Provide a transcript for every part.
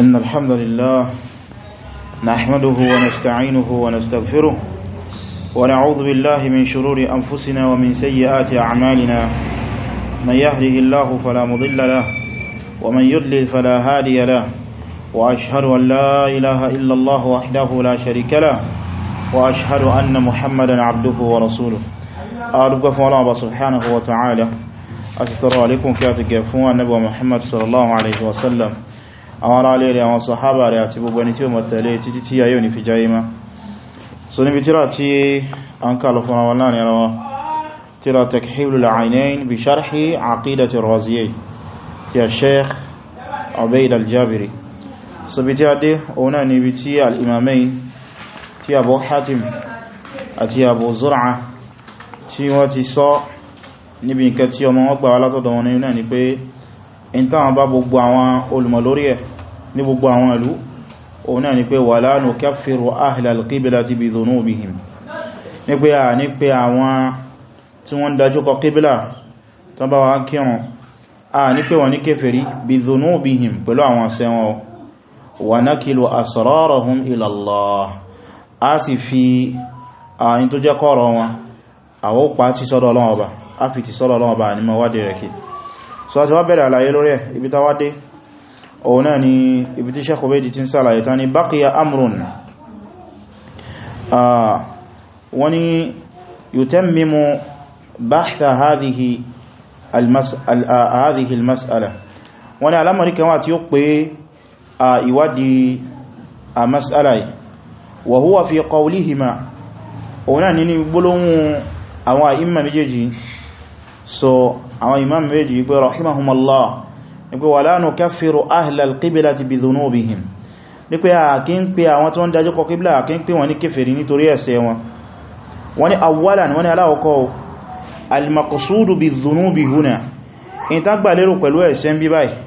إن الحمد لله نحمده ونستعينه ونستغفره ونعوذ بالله من شرور أنفسنا ومن سيئات أعمالنا من يهده الله فلا مضل له ومن يضلل فلا هادي له وأشهد أن لا إله إلا الله وحده لا شريك له وأشهد أن محمدا عبده ورسوله أرجو الله سبحانه وتعالى أسترى لكم في فوان نبو محمد صلى الله عليه وسلم àwọn ará lè rẹ̀ àwọn sọ̀hábà rẹ̀ àti gbogbo ẹni tí ó mọ̀ tẹ̀lé títí tí ayé òní fi jáyé má so níbi tíra tí a ń kàlọ̀ fún àwọn láàrin ara wọn tíra Takhilul Aynayn bí sharhi Aqidati Raziyayn ti a Sheikh Ubayd al-Jabiri so bí tí a dé òun náà níbi tí al bá gbogbo àwọn olùmọ̀ ẹ̀ ní gbogbo àwọn ìlú òun náà ni pé wala nukaffiru ahlal qiblati bi dhunubihim ní pé a ní pé àwọn tí wọ́n dájúkọ qibla tó bá wá kírun a ní pé wọ́n ní kèfèrí bi dhunubihim pẹ̀lú àwọn sẹ́wọ̀n wa nakilu asrarahum ila Allah a sì fi àyín tó wọn òun náà ni ibi tí Sheikh Ubaydi ti ń sàlàyé ta ni baqiya amrun ah, wani yutammimu bahtha ah, hadhihi al-mas'ala wani alamari kan wà tí ó pé a ìwádìí a mas'ala yìí wa huwa fi qawlihima òun náà ni gbólóhùn àwọn imam méjèèjì so àwọn imam méjèèjì pé rahimahumallah ní pé wala nukaffiru ahlal qiblati bi dhunubihim ní pé àkí ń pè àwọn tó ń dájú kọ kíbílà àkí ń pè wọn ní kèfèrí nítorí ẹ̀ṣẹ̀ wọn wọ́n ni awwalan wọ́n ni aláwọ̀kọ́ al bí báyìí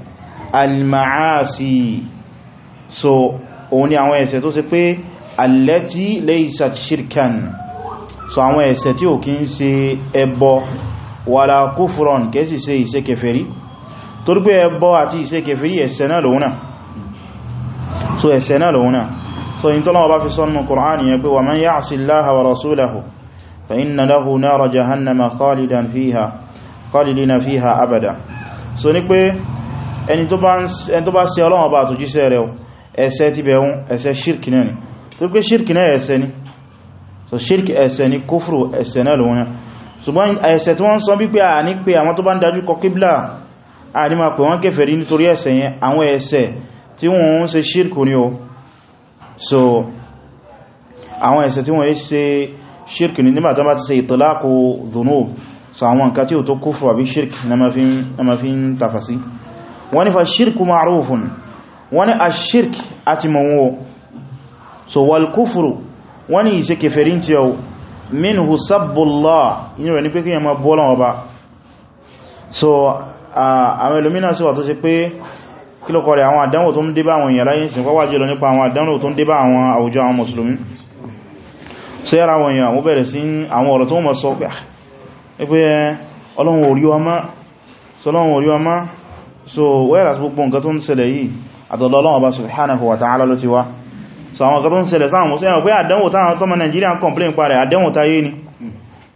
al-ma'asi wala kufran kẹ́sì ṣe ìṣe kèfèrí torí pé ẹbọ àti ìṣe kèfèrí ẹ̀ṣẹ̀ náà lòun náà so ẹ̀ṣẹ̀ náà lòun náà so in tọ́lọ́wọ́ bá fi sọ́nà Qur'an yẹn pé wa man ya'si Allaha wa rasulahu fa inna lahu nara jahannama khalidan fiha khalidina fiha abada so ní pé ẹni tó bá ṣe Ọlọ́run bá àtòjíṣẹ́ rẹ̀ ẹ̀ṣẹ̀ ti bẹ̀hún ẹ̀ṣẹ̀ shirk náà ṣùgbọ́n ẹ̀ṣẹ̀ tí wọ́n sọ bí pé à ní pé àwọn tó bá ń dájú kọ a ní ma pè wọ́n kèfèrí nítorí ẹ̀ṣẹ̀ yẹn àwọn ẹ̀ṣẹ̀ tí wọ́n ń ṣe ṣírkù ní o so àwọn ẹ̀ṣẹ̀ tí wọ́n ṣe ṣírkù ní nígbàtá bá ti ṣe ìtọ́lákò dhunub so àwọn nǹkan tí ó tó kúfù àbí ṣírkù na ma fi ń tafasí wọ́n ní fa ṣírkù ma'rufun so wal kúfùrù wọ́n ní ìṣe kèfèrí tí yau minhu sabbullah inú rẹ̀ ní so àwọn ẹlòmínà sí wà tó ṣe pé kílọ̀kọ̀ rẹ̀ àwọn àdánwò tó ń dé bá àwọn èèyàn láyé sí wọ́wà jùlọ nípa àwọn àdánwò tó ń dé bá àwọn àwùjọ àwọn mùsùlùmí sí ara àwọn èèyàn wọ́n bẹ̀rẹ̀ sí àwọn ọ̀rọ̀ tó mọ̀ sọ pé ah, ọlọ́run orí wa má sọlọ́run orí wa má so wẹ́rà sí gbogbo nǹkan tó ń ṣẹlẹ̀ yìí àtọ̀dọ̀ ọlọ́run ọba subhanahu wa ta'ala ló ti so àwọn nǹkan tó ń ṣẹlẹ̀ sáwọn mùsùlùmí pé àdánwò táwọn tọ́mọ Nàìjíríà ń complain pa rẹ̀ àdánwò táyé ni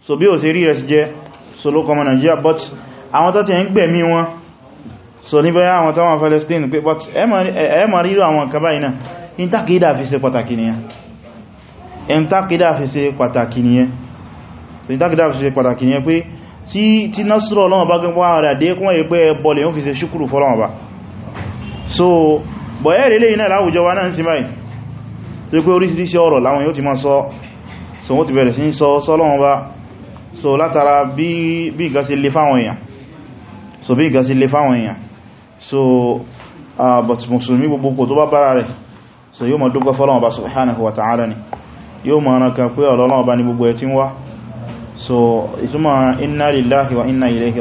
so bí ò sí rí rẹ̀ sí jẹ́ so ló kọmọ Nàìjíríà but àwọn tó ti ń gbẹ̀mí wọn so ní bẹ́yà àwọn tánwà Palestine pé but ẹ ma ríro àwọn kaba iná intakida fi ṣe pàtàkì nìyẹn intakida fi ṣe pàtàkì nìyẹn so intakida fi ṣe pàtàkì ni pé tí tí násùrọ̀ ọlọ́wọ́ bá gbogbo àwọn rẹ̀ dé kún ẹgbẹ́ bọ́ọ̀lẹ̀ yóò fi ṣe ṣúkúrù fọ́lọ́wọ́ bá so bọ̀yẹ̀ rẹ̀ lẹ́yìn náà láwùjọ wa náà ń sí báyìí tó pé oríṣiríṣi ọ̀rọ̀ láwọn yóò ti máa sọ so wọ́n ti bẹ̀rẹ̀ sí sọ sọ́lọ́wọ́ bá so látara bí nǹkan ṣe le fáwọn èèyàn so bí nǹkan sí lè fáwọn èèyàn so uh, but musulmi gbogbo kò tó bá bára rẹ̀ so yóò ma dúpẹ́ fọ́lọ́wọ́ bá subhanahu wa ta'ala ni yóò ma ránka pé ọlọ́wọ́ bá ní gbogbo ẹ̀ tí wá so ìtumọ̀ inna lillahi wa inna ilayhi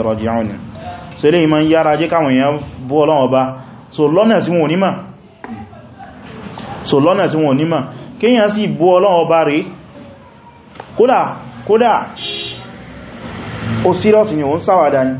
so ilé ìmọ̀ yára jẹ́ káwọn èèyàn so lọ́nà tí wọn so lọ́nà tí wọn onímà kíyàn sí bú ọlọ́wọ́ bá rí kódà kódà ni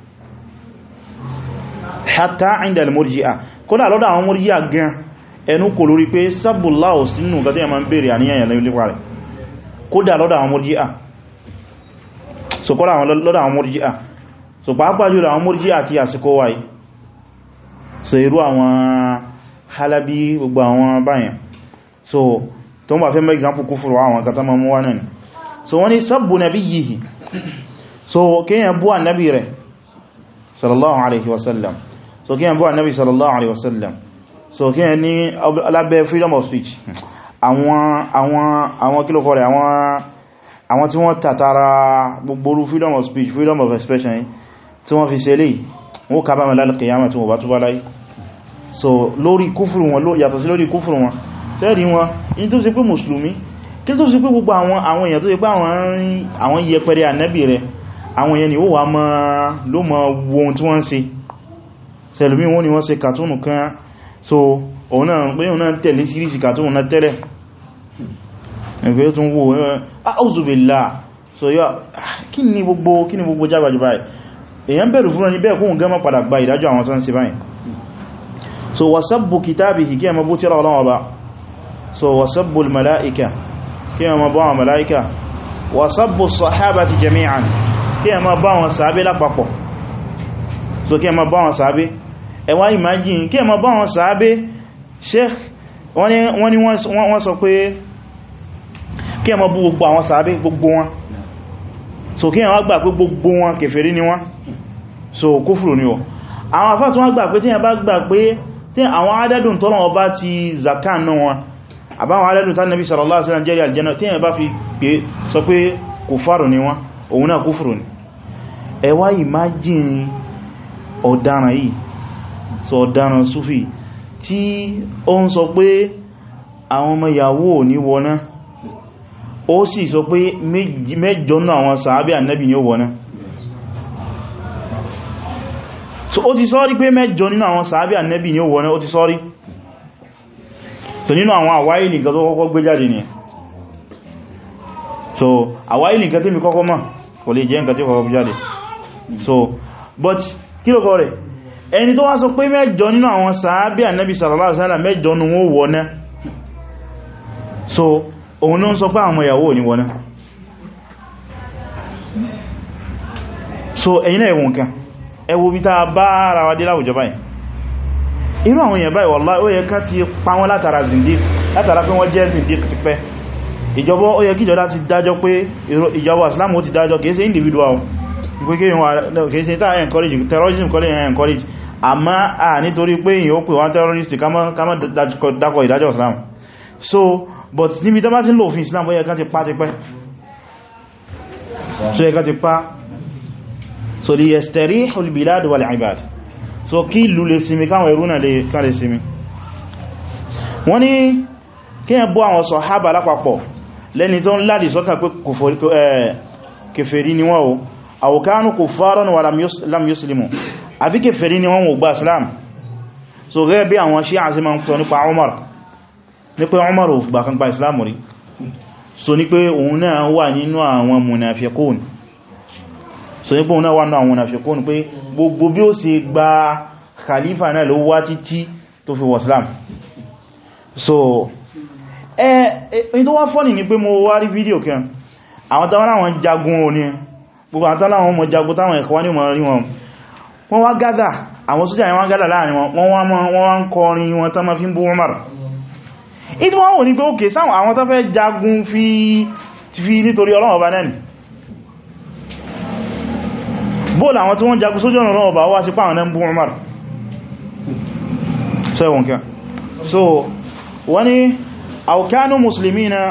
hatta inda al-murji'a kódà lọ́dọ̀ àwọn murji'a gan ẹnu kò lórí pé sábùlá ò sínú nǹkan tí a máa ń bèèrè àníyàn lẹ́wọ́lẹ́wà rẹ̀ kódà lọ́dọ̀ àwọn murji'a so kódà lọ́dọ̀ àwọn murji'a so pàápàá jùlọ àwọn murji'a ti àsìkò wáyé so irú àwọn halabi gbogbo àwọn báyàn so tó ń bá fẹ́ mọ́ example kúfùrù àwọn kata mọ́ wá náà so wọ́n ni sábù nàbí so kíyàn bú annabi rẹ̀ sallallahu alaihi wasallam so kí yẹn bọ́ annabi sallallahu alaihi wasallam so kí yẹn ní alábẹ́ freedom of speech àwọn àwọn àwọn kí ló kọ́ rẹ̀ àwọn àwọn tí wọ́n tàtàrà gbogbo freedom of speech freedom of expression tí wọ́n fi ṣe lè wọ́n kábà mẹ́ lálẹ́ kìyàmà tí wọ́n bá túbá láyé so lórí kúfùrù wọn yàtọ̀ sí lórí kúfùrù wọn tẹ́rì wọn in tó sì pé mùsùlùmí kí tó sì pé gbogbo àwọn àwọn èèyàn tó sì pé àwọn yẹpẹrẹ ànẹ́bì rẹ̀ àwọn èèyàn ni ó wà mọ́ ló mọ́ wo ohun tí wọ́n ń ṣe sẹlùmí wọ́n ni wọ́n ṣe kàtúnù kan so òun náà pé òun náà tẹ̀lé sírísì kàtúnù náà tẹ́lẹ̀ ẹgbẹ́ tún wò áùzùbìlá so yá ah, kí ni gbogbo kí ni gbogbo jágbàjú báyìí èyàn bẹ̀rù fún ẹni bẹ́ẹ̀ kóhun gẹ́mọ́ padà gba ìdájọ́ àwọn tán sí báyìí so wasabbu kitabihi kí ẹmọ bó so wasabbu mala'ika kí ẹmọ bá wọn mala'ika wasabbu sahabati jami'an kí ẹmọ bá wọn sàábé so kí ẹmọ bá wọn sàábé ẹ wá imagine kí ẹmọ báwọn sàábé sheikh wọ́n ni wọ́n sọ pé kí ẹmọ bú gbogbo àwọn sàábé gbogbo wọn so kí ẹmọ gbà pé gbogbo wọn kèfèrí ni wọ́n so kúfùrù ni wọ́n àwọn afẹ́ tó wọ́n gbà pé tí ẹmọ gbà pé tí àwọn adẹ́dùn tọ́lọ̀ ọba ti zaka náà wọn àbáwọn adẹ́dùn tán nàbí sallallahu alaihi wasallam jẹ́rì aljanna tí ẹmọ bá fi sọ pé kùfàrù ni wọ́n òun náà kúfùrù ni ẹ wá imagine ọ̀daràn yìí sọ ọ̀daràn súfì tí ó ń sọ pé àwọn ọmọ ìyàwó ò ní wọná ó sì sọ pé mẹ́jọ náà àwọn sàábẹ́ ànábì ni ó wọná so ó ti sọ́rí pé mẹ́jọ nínú àwọn sàábí ànẹ́bì ni ó wọ́n ó ti sọ́rí so nínú àwọn àwáyé nìkan tó kọ́kọ́ gbé jáde ni so àwáyé nìkan tí mi kọ́kọ́ mọ̀ kò lè jẹ́ nǹkan tí kọ́kọ́ gbé jáde so but kí lókọ́ rẹ̀ ẹni tó wá sọ pé mẹ́jọ nínú àwọn sàábí ànábì sallallahu alaihi wasallam mẹ́jọ nínú wọn wọ́n so òun náà sọ pé àwọn ìyàwó ní wọ́n so ẹ̀yìn ẹ̀wọ̀n nǹkan ẹwọ bí ta bá ara wa dé láwùjọ báyìí irú àwọn èèyàn báyìí wallahi ó yẹ ti pa wọn látara zindik látara pé wọ́n jẹ́ zindik ti ìjọba ó yẹ ti dájọ́ pé ìjọba Islam ó ti dájọ́ kìí ṣe individual kìí encourage terrorism encourage àmá à nítorí pé èyàn ó pè wọ́n terrorist kama dákọ̀ ìdájọ́ islam so but níbi tó bá ti lò òfin islam bóyẹ kan ti pa ti pẹ́ so yẹ kan ti pa so li yastarihu al-bilad wal-ibad so kí ìlú lè sinmi káwọn ẹrú náà lè kán lè sinmi wọ́n ní kí ẹ bọ́ àwọn sọ̀hábà lápapọ̀ lẹ́ni tó ń ládi sọ́kà pé kèfèrí ni wọ́n o àwòkánù kuffaran wa lam yuslimu àfi kèfèrí ni wọ́n wò gba islam so gẹ́gẹ́ bí àwọn Shia sí ma ń sọ nípa Umar ní pé Umar ò gbà kan gba islam rí so ní pé òun náà wà nínú àwọn munafikun so ní pé òun náà wà nínú àwọn munafikun pé gbogbo bí ó ṣe gba khalifa náà ló wá títí tó fi wọ islam so ẹni tó wá fọ́nì ni pé mo wá rí fídíò kan àwọn tàwọn àwọn jagun òní gbogbo àtàlà àwọn ọmọ jagun táwọn ẹ̀kọ́ wá ní ọmọ rí wọn wọ́n wá gádà àwọn sójà yẹn wá gádà láàrin wọn wọ́n wá ń kọrin wọn tán ma fi ń bú Umar ìdí wọ́n wò ní pé òkè sáwọn àwọn tán fẹ́ jagun fi nítorí Ọlọ́run ọba náà ni bóòlù àwọn tí wọ́n jagun sójú ọ̀nà Ọlọ́run ọba wá sí pàwọn náà ń so ẹwọ̀n kí so wani aukanu musulmi na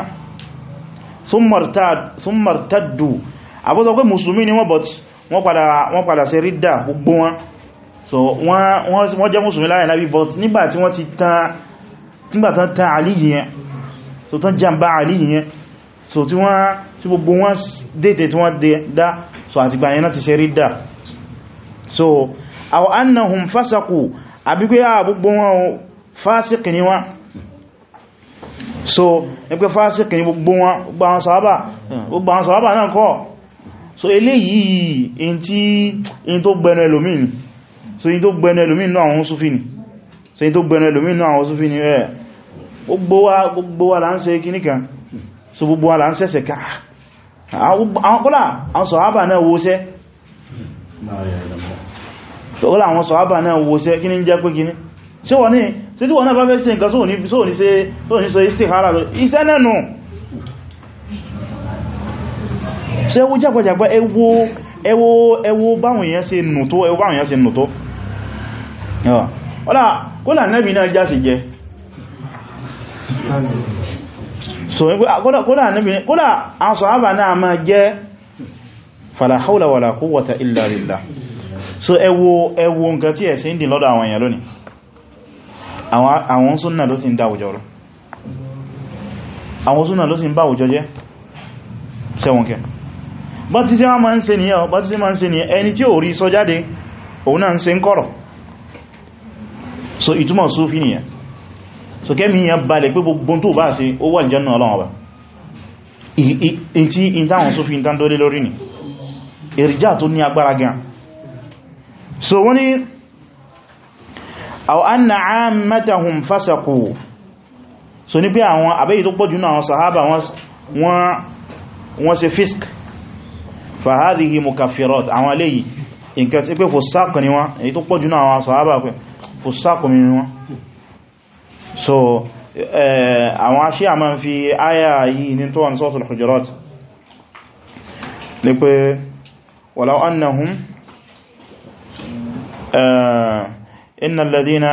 sun martaddu abúzọ pé musulmi ni wọ́n padà wọ́n rídà gbogbo wọn so wọ́n jẹ́ mùsùlùmí láàrin lábí but nígbàtí wọ́n ti tán nígbàtán tán àlìyí yẹn so tán jàmbá àlìyí yẹn so tí wọ́n tí gbogbo wọ́n dètè tí wọ́n dá so àti gbàyẹn náà ti ṣe rídà so aw annahum fasaku àbí pé a ah, gbogbo wọn fásíkì ni wọ́n so ní pé ni gbogbo wọn gbogbo àwọn sàhábà so eléyìí in tó gbẹnu ẹlòmí ni so in tó gbẹnu ẹlòmí ní àwọn súfì ni so in tó gbẹnu ẹlòmí ní àwọn súfì ni ẹ̀ gbogbo wa la kíníkan so gbogbo wa la ń sẹ́sẹ̀ ká àwọn kọ́lá àwọn sọ̀hábà náà wo sẹ́ tọ́lá àwọn sọ̀hábà náà wo sẹ́ kí ní jẹ́ pé kíní sí wọ́n ní sí tí wọ́n náà bá fẹ́ sí ṣe ẹwọ jàgbàjàgbà ẹwọ báwọn èèyàn ṣe nù tó ẹwọ báwọn èèyàn ṣe nù tó ọ̀lá kólà nẹ́bì náà já sí jẹ so kólà aṣọ àbà náà máa jẹ́ fala hawla so ẹwọ ẹwọ nǹkan tí ẹ̀sìn dì lọ́dọ̀ àwọn èèyàn lónìí àwọn súnnà ló sì ń dáwùjọ rọ àwọn súnnà ló sì ń báwùjọ jẹ́ bá ti sí wọ́n máa ń ṣe nìyàn bá ti sí máa ń ṣe nìyàn ẹni tí ò rí sọ jáde òun náà ń ṣe ń kọ̀rọ̀ so ìtumọ̀ súfí nìyàn so kẹ́mi yàn balẹ̀ pé gbogbo tó bá ṣe ó wà ìjẹ́nà ọlọ́wọ́ bá in tí in táwọn súfí in tándólé lórí wọ́n ni fisk فهذه مكفرات عملي ان كانت في إيه، إيه، فساق ني وان اي إيه، تو بوجو نا وان صحابه كو فساق مي وان سو ا آه، اشياء ما في ايه هي ني تو ان صوت الحجرات ليكو ولو انهم آه، ان الذين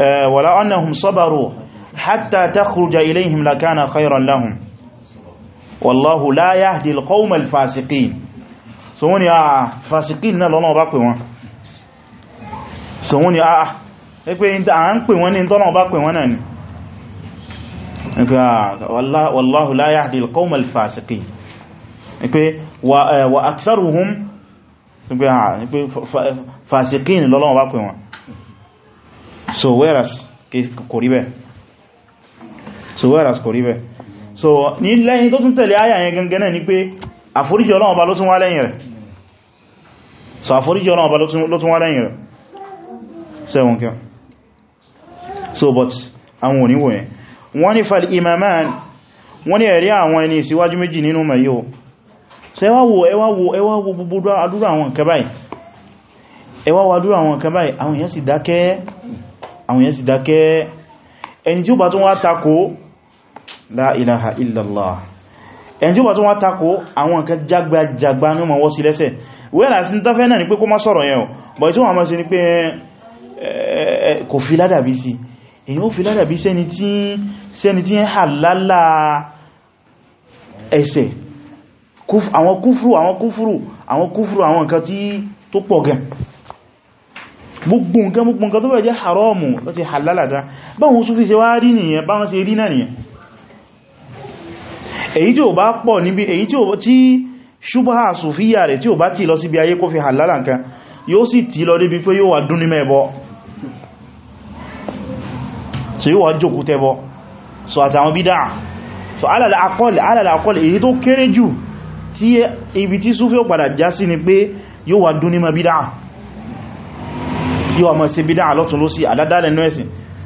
آه، ولو انهم صبروا حتى تخرج اليهم لكان خيرا لهم wallahu la yahdi al-qawma al-fasiqin so wọ́n ní a ah, fasiqin náà lọ́nà ọba pè wọ́n so wọ́n ní a ah, ẹgbẹ́ ìta à ń pè wọ́n ní tọ́nà ọba pè wọ́n náà ni ah, wallahu la yahdi al-qawma al-fasiqin pé wa eh, aktharuhum fasiqin lọ́nà ọba pè wọ́n so whereas kò rí bẹ́ẹ̀ so whereas kò rí bẹ́ẹ̀ so ni lẹ́yìn tó tún tẹ̀lé ayà yẹn gangan náà ni pé àforíjì Ọlọ́run ọba ló tún wá lẹ́yìn rẹ̀ so àforíjì Ọlọ́run ọba ló tún wá lẹ́yìn rẹ̀ sẹ́wọ̀n kí so but àwọn oníwò yẹn wọ́n ní fal imaman wọ́n ní ẹ̀rí àwọn ẹni síwájú méjì nínú mayo so ẹ wá wò ẹ wá wò ẹ wá wò gbogbo àdúrà àwọn nǹkan báyìí ẹ wá wò àdúrà àwọn nǹkan báyìí àwọn èèyàn ẹni tí ó bá tún wá takò la ilaha illallah ẹni tí ó bá tún wá takò àwọn nǹkan jagbajagba ní ọmọ wọ́ sí lẹ́sẹ̀ wẹ́lá sí tafẹ́ náà ni pé kó má sọ̀rọ̀ yẹn o bọ̀ tí wọ́n má sí ni pé eh, eh, kò fi ládàbí sí èyí ó fi ládàbí sẹ́ni tí ń hà lálá ẹsẹ̀ àwọn kúfúrú àwọn kúfúrú àwọn kúfúrú èyí tí ó bá pọ̀ níbi èyí tí ó tí ṣubha sùfíyà rẹ̀ tí ó bá ti lọ síbi ayé kó fi halala nǹkan yóò sì tí lọ débi pé yóò wà dún ní mẹ́bọ so yóò wà jòkú tẹ́bọ so àtàwọn bídá so alàlà akọ́lẹ̀ alàlà akọ́lẹ̀ èyí tó kéré jù tí ibi tí súfí ó padà já sí ni pé yóò wà dún ní ma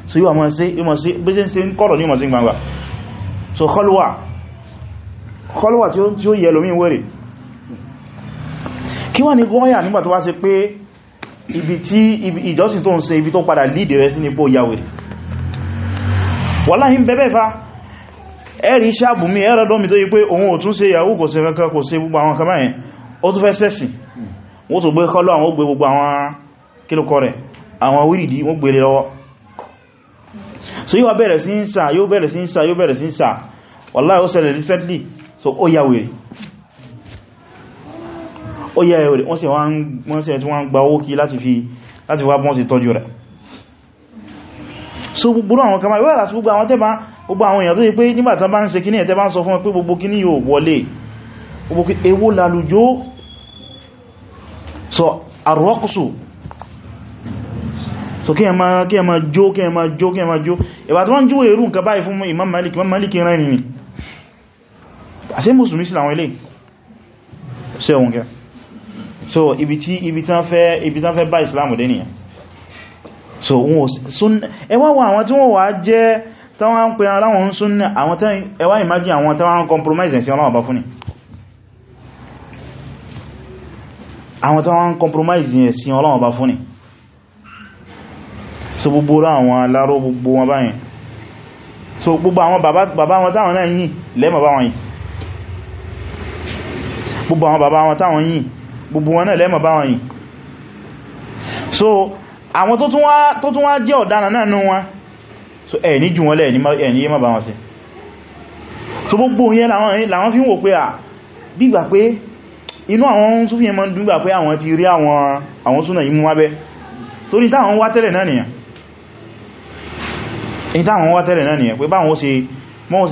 so yóò wà mọ́ sí bí sí ń kọ́rọ̀ ní mọ̀ gbangba so kọlùwà kọlùwà tí ó yẹ lómi wèrè kí wà ní gọ́ọ̀yà nígbà tó wá ṣe pé ibi tí ìjọsìn tó ń ṣe ibi tó padà lídì rẹ̀ sí ní pò yàwèrè wàláhí bẹ́bẹ̀ fa ẹ̀rì ṣàbù mi ẹ̀rọ̀dọ́ mi tó yí pé òun ò tún ṣe yahoo kò ṣe kankan kò ṣe gbogbo àwọn kamáyẹn ó tún fẹ́ sẹ́sìn wọ́n so yíwa bẹ̀rẹ̀ sí ń sà yóò bẹ̀rẹ̀ sí ń sà yóò bẹ̀rẹ̀ sí ń sà wàláhí recently so ó yà wèrè ó yà wèrè wọ́n sì wọ́n gba owó kí láti fi láti wá bọ́n sí tọ́jú rẹ̀ so gbogbo àwọn kamar wọ́n rà sí gbogbo àwọn tẹ́bá gbogbo àwọn èèyàn tó yí pé nígbàtà bá ń ṣe kíní ẹ̀tẹ́bá ń sọ fún ẹ pé gbogbo kíní yóò wọlé gbogbo kí ewó lálùjó so arọ́kùsù so kí ẹmà jó kí ẹmà jó kí ẹmà jó ìbàtí wọ́n jíwò èrú nǹkan báyìí fún Imam Malik Imam Malik rẹ̀ nìyàn àṣẹ mùsùlùmí sí àwọn ilé ṣe òun gẹ so ibi tí ibi tán fẹ́ ibi tán fẹ́ bá ìsìláàmù dé nìyàn so ẹwà wà àwọn tí wọ́n wà jẹ́ táwọn ń pè ara wọn súnnà àwọn tán ẹwà ìmájí àwọn táwọn compromise sí ọlọ́wọ́ bá fún ni so gbogbo àwọn aláró gbogbo wọn báyìí so gbogbo àwọn bàbá wọn táwọn náà yìí lẹ́mọ̀ bá yìí gbogbo àwọn bàbá wọn táwọn yìí gbogbo wọn náà lẹ́mọ̀ bá wọn yìí so àwọn tó tún wá jẹ́ ọ̀daràn náà nú wọn so ẹ̀ ní jù wọn lẹ́ ẹ̀ ní yé wọn ṣe so gbogbo yẹn làwọn fi ń wò pé à bígbà pé inú àwọn súnfí yẹn dúgbà pé àwọn ti rí àwọn súnà yìí mú wábẹ́ torí táwọn wá tẹ́lẹ̀ náà nìyàn èyí táwọn wá tẹ́lẹ̀ náà nìyàn pé báwọn ó ṣe mọ́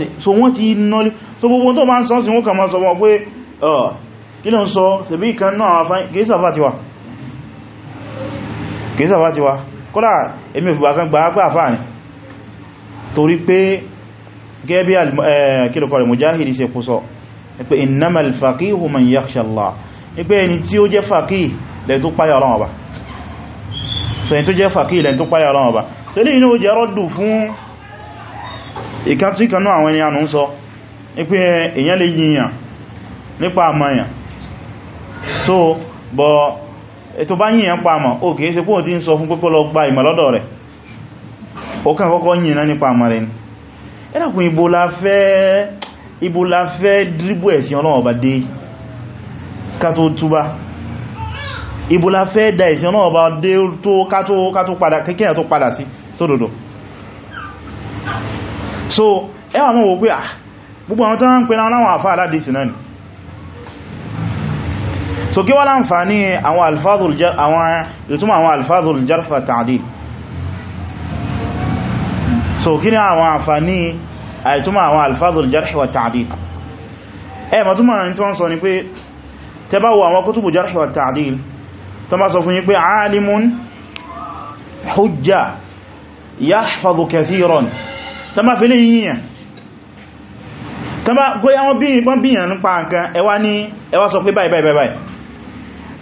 Oh, kí ló ń sọ ṣebí ìkan náà kìísàfà ti wá kọ́lá èmi òfìgbà kan gbàágbà fà ní torí pé gẹ́bí eh, kílùkọ́ rẹ̀ mujahidi ṣe kú sọ pé innamal faqihu man yakhsha Allah ní pé ẹni tí ó jẹ́ faqih lẹ́yìn tó páyà Ọlọ́run Ọba so ẹni tó jẹ́ faqih lẹ́yìn tó páyà Ọlọ́run Ọba so ní inú jẹ́ rọ́dù fún ìkan tí kanú àwọn ẹni ànú sọ ní pé eh, èyàn lè yíyàn nípa àmàyàn so bọ̀ ètò bá yìnyàn pa àmà ó kìí ṣe kó tí ń sọ fún pípọ́ lọ gba ìmọ̀lọ́dọ̀ rẹ̀ ó kàn kọ́kọ́ yìnyàn nípa àmà rẹ̀ ni ẹ́nàkùn ibo la fẹ́ dríbù ẹ̀sìn ọlọ́wọ̀ bá dé ká tó túbá ibo la fẹ́ da ẹ̀sìn ọlọ́wọ̀ dé tó padà sí sódòdó so ẹwà mọ́ wò pé à ah, gbogbo àwọn tó ń pè náà láwọn àfáà aládìsì náà so kí wá láǹfàní àwọn alfadhul jar àwọn ìtumọ̀ àwọn alfadhul jarh wa ta'dil so kí ni àwọn àǹfàní àìtumọ̀ àwọn alfadhul jarh wa ta'dil ẹ ma túnmọ̀ ní tí wọ́n sọ ni pé tẹ bá wo àwọn kutubu jarh wa tó bá sọ fún yí pé alimun hujja yahfadhu kathiran tó bá fi yíyàn tó bá gbóyá bíyàn nípa nǹkan ẹwà ní ẹwà sọ pé báyìí báyìí báyìí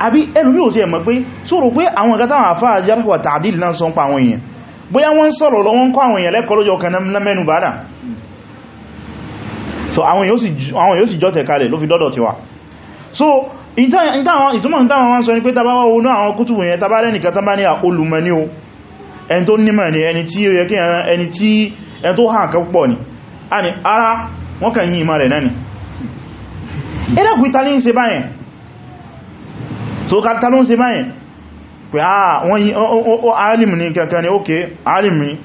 àbí ẹlùmí ò sí ẹ̀mọ̀ pé sọ̀rọ̀ pé àwọn ìgbà táwọn àfáà jarh wa náà sọ pa àwọn èèyàn bóyá wọ́n sọ̀rọ̀ lọ wọ́n kọ́ àwọn èèyàn lẹ́kọ́ lójọ kan náà mẹ́nu bàdà so àwọn yóò sì jọ tẹ̀kalẹ̀ ló fi dọ́dọ̀ tiwa so ìtumọ̀ ìtàwọn wọ́n sọ ní pé tabawa owó náà àwọn kútùbù yẹn tabá lẹ́nìkan tabá ní o ẹni tó nímọ̀ ní ẹni tí ó yẹ kí ẹni a ni ara wọ́n kàn yí so ká ta ló ń ṣe báyìí pé ah wọ́n yí ó alim ní kankan ní ókè alim ní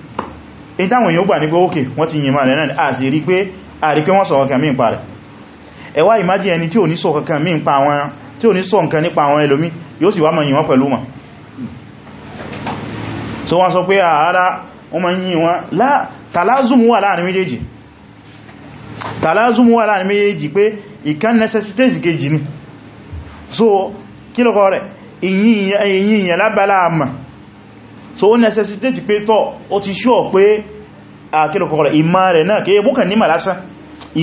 ìtàwọn èèyàn gbà ní pé ókè wọ́n ti yìnbà lẹ́nà ní àti rí pé àrí pé wọ́n sọ kankan mí pa rẹ̀ ẹwà ìmájì ẹni tí ò ní sọ kankan mí àwọn ẹlòmí yóò sì wá so wọ́n sọ pé ààrá ah, wọ́n ma yìn wọn tàlázùmù wà láàrin méjèèjì tàlázùmù wà láàrin méjèèjì pé so kí lọ́kọ́ rẹ̀ ìyìn ìyìn lábàlá àmà so ó necessitate pé tọ́ ó ti ṣọ́ pé àkílọ̀kọ́ rẹ̀ ìmá rẹ̀ náà kí ebúkà nímà lásán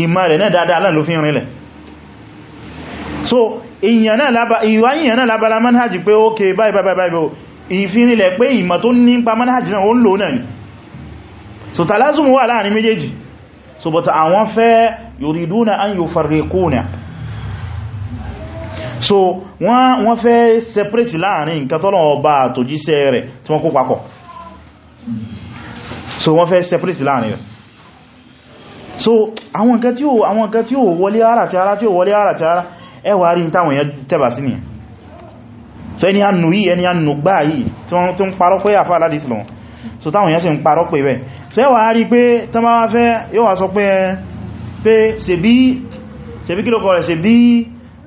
ìmá rẹ̀ náà dáadáa aláà fi rinlẹ̀ so ìyìn náà lábàlá manhajì pé ok báyìí báyìí báyìí ìfinilẹ̀ pé ìmọ̀ tó nípa manhajì náà ó ń lò náà ni so talazum wà láàrin méjèèjì so but àwọn fẹ́ yuriduna an so wọ́n wọ́n fẹ́ separate láàrin nǹkan tọ́lọ̀ ọba àtòjíṣẹ́ rẹ̀ tí wọ́n kó papọ̀ so wọ́n fẹ́ separate láàrin rẹ̀ so àwọn nǹkan tí ó àwọn nǹkan tí ó wọlé ara ti ara tí ó wọlé ara ti ara ẹwà rí táwọn èèyàn tẹ́bà sí nìyàn so ẹni ànù yìí ẹni ànù gbà yìí tí wọ́n tún parọ́ pé àfà aládì sí lọ́wọ́ so táwọn èèyàn sì ń parọ́ pé bẹ́ẹ̀ so ẹwà rí pé tán bá wá fẹ́ yóò wá sọ pé pé ṣebí ṣebí kí ló kọ rẹ̀ ṣebí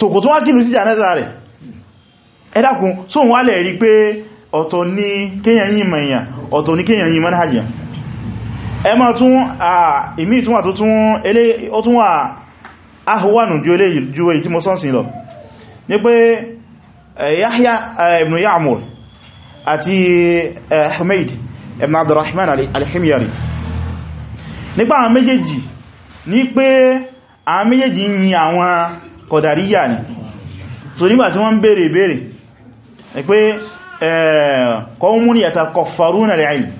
so kò tún wá kìlù sí jànẹ́sà rẹ̀ ẹ dákun so wọ́n lè rí pé ọ̀tọ̀ ní kíyàn yìí mẹ̀yàn ọ̀tọ̀ ní kíyàn yìí manhajjá ẹ ma tún à ìmí ìtúnwà tó tún Yahya ibn Ya'mur àti Humayd ibn Abdurrahman al-Himyari nípa àwọn méjèèjì ní pé àwọn méjèèjì yin àwọn kọ̀dàríyà ni so nígbà tí wọ́n bèèrè bèèrè ni pé qawmun yatakaffaruna al-ilm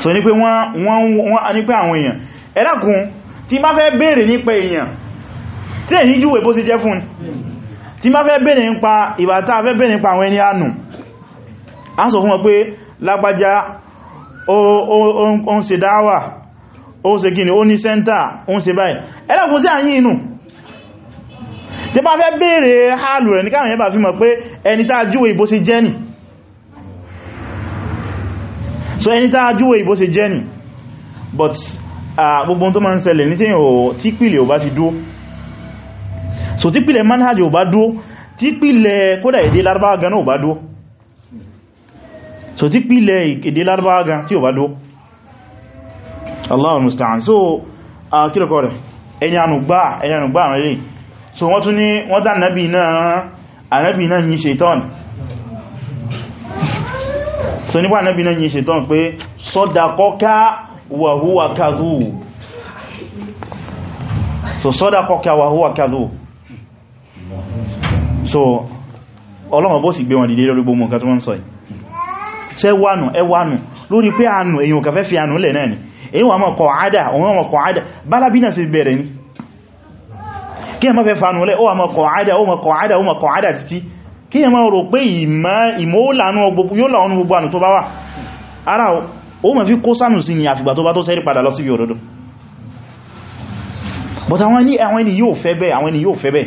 so ní pé wọ́n ní pé àwọn èèyàn ẹ̀lákun tí má fẹ́ bèèrè nípa èèyàn tí èyí júwẹ̀ bó sì jẹ́ fún tí má fẹ́ bèèrè nípa ìbátá fẹ́ bèèrè nípa àwọn ẹni ànù a sọ fún wọn pé lágbájá ó ń ṣe dáwà ó ń ṣe kíni ó ní sẹ́ntà ó ń ṣe báyìí ẹ̀lákun sí àyí inú tí bá fẹ́ bèèrè hálù rẹ̀ ní káwọn yẹn bá fi mọ̀ pé ẹni tá júwe ìbó ṣe so ẹni tá júwe ìbó ṣe jẹ́ nì but gbogbo tó máa ń ṣẹlẹ̀ ní tí pìlẹ̀ bá ti dúó so tí pìlẹ̀ manhaj ò bá dúó tí pìlẹ̀ kódà èdè so tí pìlẹ̀ èdè lárúbáwá gan tí ò bá rẹ̀ so wọ́n tún ní wọ́n dá náà náà so nípa ànábì náà yìí ṣetán pé wàhúwà so sọ́dakọ́ká wàhúwà so ọlọ́wọ̀n bó sì gbé wọn dìde lórí gbogbo nǹkan tó wọ́n sọ ṣe wánù ẹwánù lórí pé àánù èyàn kàfẹ́ fi àánù lẹ̀ náà ni èyàn wà mọ̀ kí ẹ ma fẹ́ fanú lẹ́ ó wà mọ́ kọ̀ádà ó mọ́ kọ̀ádà ó mọ́ kọ̀ádà títí kí ẹ má rò pé ìmọ́lànú gbogbo ànù tó bá wà ara ó ma fi kó sánù sí ni àfìgbà tó bá tó sẹ́rí padà lọ sí yòròdó but àwọn ẹni àwọn ẹni yóò fẹ́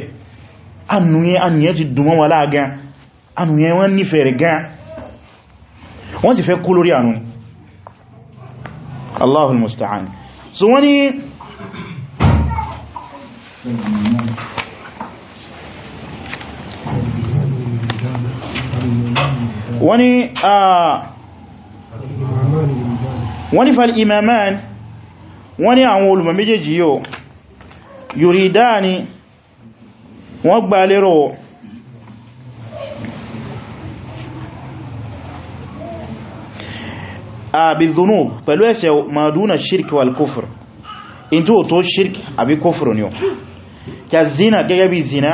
ti wọ́n wọ́n ni uh, wọ́n ni fal-imaman wọ́n ni àwọn olùmọ̀ méjèèjì yóò yuridani wọ́n gbà lérò àbìdùnú pẹ̀lú ẹ̀ṣẹ̀ maduna shirk wal kufr in tó tó shirk àbí kufr ni o ka zina gẹ́gẹ́ bí zina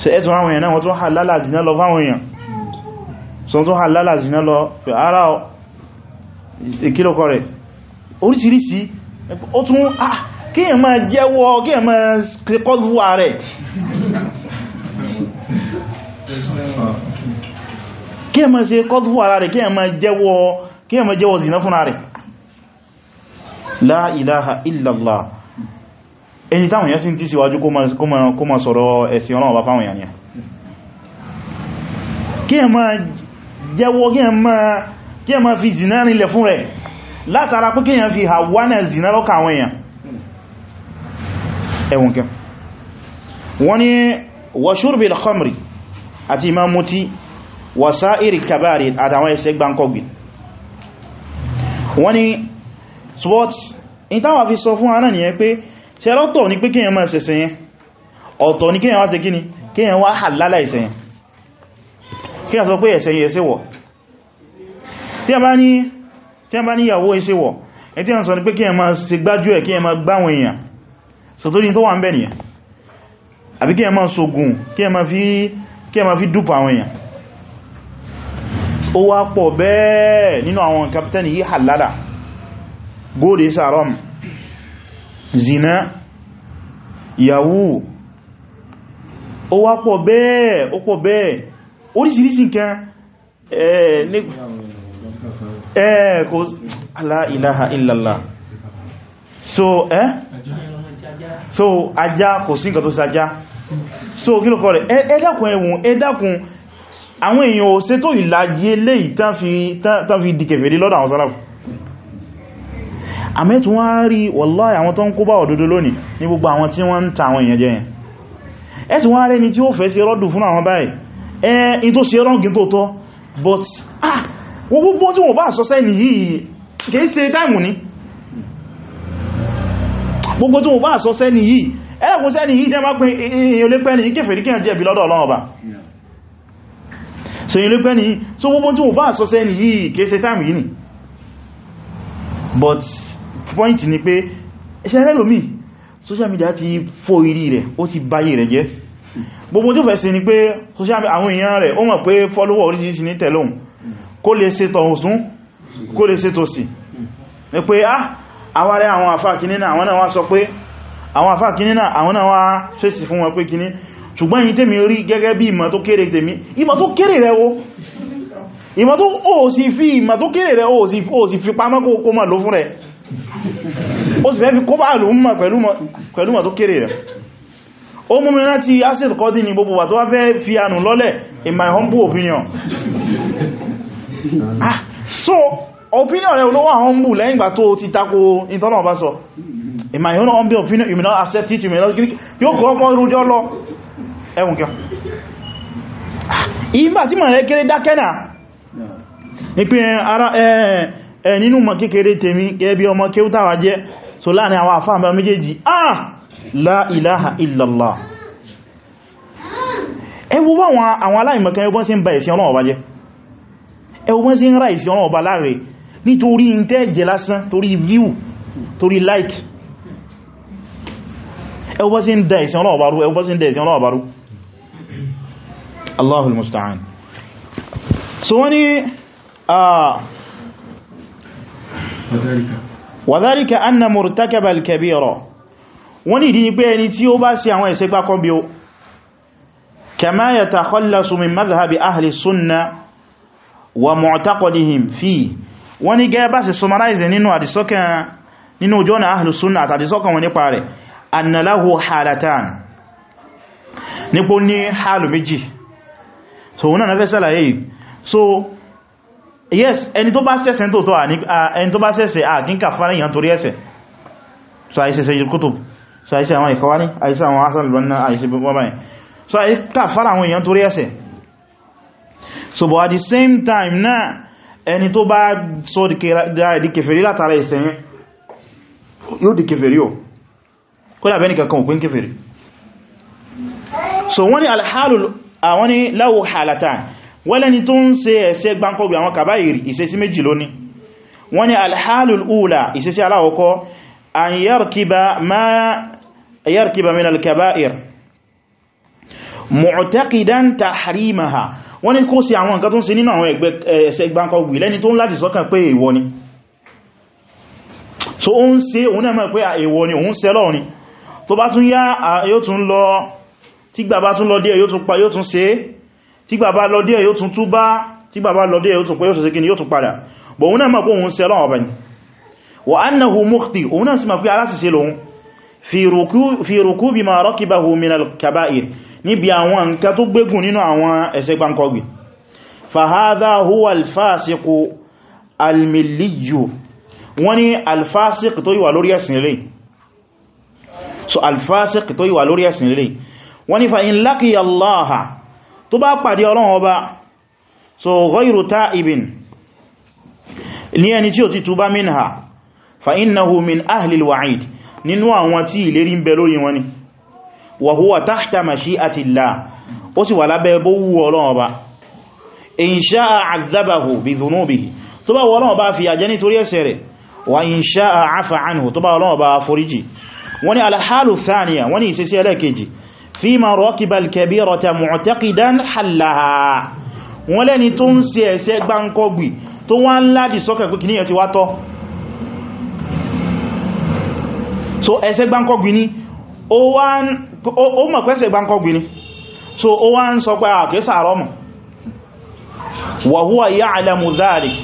so ẹ̀tù àwọn èèyàn náà wọ́n tún halala zina lọ fáwọn èèyàn so tún halala zina lọ ara ìkílọ̀kọ̀ rẹ̀ oríṣiríṣi ó tún ah kíyàn máa jẹ́wọ́ kíyàn máa kọlùwà rẹ̀ kíyàn máa ṣe kọlùwà rẹ̀ kíyàn máa máa jẹ́wọ́ zina fúnra rẹ̀ la ilaha illallah èyí táwọn yẹn sí tí síwájú kó ma sọ̀rọ̀ ẹ̀sìn ọ̀nà ọba fáwọn èèyàn kí ẹ máa jẹ́wọ́ kí ẹ máa fi zina rinlẹ̀ fún rẹ̀ látara pé kí ẹ fi Hawa náà zina lọ́kà àwọn èèyàn ẹwùn kẹ wọ́n ni khamri àti imá mutí wa sa'iri kabari àtàwọn ẹsẹ̀ wọ́n ni sports in táwà fi sọ fún ṣe lọ́tọ̀ ní pé kíyàn máa ṣẹ̀ṣẹ̀ yẹn ọ̀tọ̀ ní kíyàn wá ṣe kíni kíyàn wá halala ẹ̀ṣẹ̀ yẹn kíyàn sọ pé ẹ̀ṣẹ̀ yẹn ẹ̀ṣẹ̀ wọ̀ tí a bá ní ìyàwó ẹ̀ṣẹ̀ wọ̀ ẹ̀tí à ń sọ ní pé kíyàn máa ṣe gbájú ẹ̀ kíyàn máa gbáwọn èèyàn so tó ní tó wà ń bẹ̀ nìyàn àbí kíyàn máa ṣogun kíyàn máa fi dúpọ̀ àwọn èèyàn ó wá pọ̀ bẹ́ẹ̀ nínú àwọn kapitẹ́ni yí halala góòdì sàrọ́mù zina yahoo ó wá pọ̀ bẹ́ẹ̀ ó pọ̀ bẹ́ẹ̀ oríṣìíríṣìí nǹkan ẹ̀ẹ́ eh, eh, kò la ilaha so ẹ́ eh? so ajá kò sí nǹkan tó sájá so kí ló kọ́ rẹ̀ ẹ̀dàkùn ẹ̀wùn ẹ̀dàkùn àwọn èèyàn ò ṣe tó ìlàjí eléyìí tán fi dìkẹ̀fẹ̀ lọ́dọ̀ àwọn sálàfù àmẹ́tù wọ́n rí wallahi àwọn tó ń kó bá òdodo lónìí ní gbogbo àwọn tí wọ́n ń ta àwọn èèyàn jẹ yẹn ẹ ti wọ́n rẹ̀ ni tí ó fẹ́ sí rọ́dù fún àwọn báyìí ẹ in tó ṣe rọ́gin tó tọ́ but ah gbogbo tí wọ́n bá sọ́sẹ́ ni yìí kìí ṣe táìmù ní gbogbo tí wọ́n bá sọ́sẹ́ ni yìí ẹlẹ́kùn sẹ́ ni yìí jẹ́ máa pín èyàn lé pẹ́ ni yìí kèfèrí kí ẹ jẹ́ bí lọ́dọ̀ Ọlọ́run Ọba so èyàn lé pẹ́ ni yìí so gbogbo tí wọ́n bá sọ́sẹ́ ni yìí kìí ṣe táìmù yìí ni but point ni pé ẹ̀ṣẹ́ rẹ̀lómi social media ti fọ́ ìrí rẹ̀ ó ti báyé rẹ̀ jẹ́ gbogbo tó fẹ́ sí ni pé social media àwọn èèyàn rẹ̀ ó mọ̀ pé follower oríṣiríṣi ní tẹ̀lóhun kó lè ṣe tọ̀hún kó lè ṣe tòsì ni pé ah àwọn rẹ̀ àwọn àfá kìnnínà àwọn náà wá sọ pé àwọn àfá kìnnínà àwọn náà wá fèsì fún wọn pé kìnní ṣùgbọ́n yìí tèmi rí gẹ́gẹ́ bí ìmọ̀ tó kéré tèmi ìmọ̀ tó kéré rẹ̀ o ìmọ̀ tó ó sì fi ìmọ̀ tó kéré rẹ̀ ó sì fi pamọ́ kó kó mọ̀ ló fún rẹ̀ ó sì fẹ́ fi kó bá àlùmọ̀ pẹ̀lú ma tó kéré rẹ̀ ó mú mi láti kọ́dí ní gbogbo wà tó wá fi ànù lọ́lẹ̀ in my humble opinion ah, so opinion rẹ̀ olówó humble lẹ́yìn gbà tó ti tako ìtọ́nà ọba sọ in my humble opinion you may not accept it you may not yóò kọ́kọ́ rújọ́ lọ ẹwùn kẹ́ ah, ìgbà tí mọ̀ rẹ̀ kéré dákẹ́nà ní pé ara ẹ̀ nínú mọ̀ kékeré tèmi ọmọ kéútàwà so láàrin àwọn àfáà mẹ́rin méjèèjì ah la ilaha illallah ẹwú báwọn àwọn aláìmọ̀kan ẹgbọ́n sí ń ba ìsìn ọ̀nà ọba jẹ́ ẹwú sí ń ra ìsìn ọ̀nà ọba láre nítorí lásán torí view torí like ẹwú sí da ìsìn ọ̀nà ọba rú da ọba so ah, wani وذلك أن مرتكب الكبيرة wọ́n ní ìdí ni pé ẹni tí ó bá ṣe àwọn ẹ̀ṣẹ̀ pákọ́ bí ó كما يتخلص من مذهب أهل السنة ومعتقدهم فيه wọ́n ní gẹ́ẹ́ bá ṣe summarize nínú àdìsọ́kàn nínú ojú ọ̀nà أهل السنة àtàdìsọ́kàn wọn nípa rẹ̀ أن له حالتان nípo ní hálù méjì so wọn náà fẹ́ sálàyé so yes ẹni tó bá ṣẹ̀ṣẹ̀ tó tó ẹni tó bá ṣẹ̀ṣẹ̀ àgínká fara èyàn torí ẹ̀ṣẹ̀ so àìṣẹ́ Sayyid Qutb so àìṣẹ́ àwọn Ikhwani àìṣẹ́ àwọn Hasan al-Banna àìṣẹ́ gbogbo báyìí so àìká fara àwọn èyàn torí ẹ̀ṣẹ̀ so at the same time náà ẹni tó bá sọ di kèfèrí látara ẹ̀ṣẹ̀ yẹn yóò di kèfèrí o kódà bẹ́ni kankan òpin kèfèrí so wọ́n ni alhálù àwọn ni láwọ̀ hálátà wọ́n lẹ́ni tó ń ṣe ẹ̀ṣẹ̀ gbáǹkọ́gbẹ̀ àwọn kàbáyìrì ìṣesí méjì lóní wọ́n ni alhalul ula ìṣesí aláwọ̀kọ́ an yarkiba ma yarkiba min alkaba'ir mu'taqidan tahrimaha wọ́n ni kó sí àwọn nǹkan tó so ó ń ṣe òun náà mọ̀ pé èèwọ̀ ni òun ṣe lọ́ọ̀ ni tó bá tún yá yóò tún lọ tí gbà bá tún lọ díẹ̀ yóò tún pa yóò tún ṣe é tí bàbá lọ díẹ̀ yóò tún túbá tí bàbá lọ díẹ̀ yóò tún pé yóò tún ṣe kíni yóò tún padà bọ̀ òun náà mọ̀ pé òun ṣe Ọlọ́run ọba ni wa annahu mukhti òun náà sì mọ̀ pé aláṣìṣe lòun fi rukú bí ma rakibahu min al-kaba'ir níbi àwọn nǹkan tó gbégùn nínú àwọn ẹ̀ṣẹ̀ gbáǹkọgbì so alfasiq tó yíwa lórí ẹ̀sìn rẹ̀ wọ́n ni fa in tó bá pàdé Ọlọ́run Ọba so ghayru ta'ibin ní ẹni tí ó ti túbá minha fa innahu min ahlil wa'id nínú àwọn tí ìlérí ń bẹ lórí wọn ni wa huwa tahta mashi'atillah ó sì wà lábẹ́ bó wù Ọlọ́run Ọba in sha'a 'adhabahu bi dhunubihi fíma rọ́kìbal kẹbírọta mu'taqidan hallaha wọ́n lẹ́ni tó ń ṣe ẹ̀ṣẹ̀ gbáǹkọ́gbì tó wá ń láti sọ́kẹ̀ pé kìníyàn ti wá tọ́ so ẹ̀ṣẹ̀ gbáǹkọ́gbì ni ó mọ̀ pẹ́ṣẹ̀ gbáǹkọ́gbì ni so ó wá ń sọ pé àkẹsà rọ́mù wa huwa ya'lamu dhalik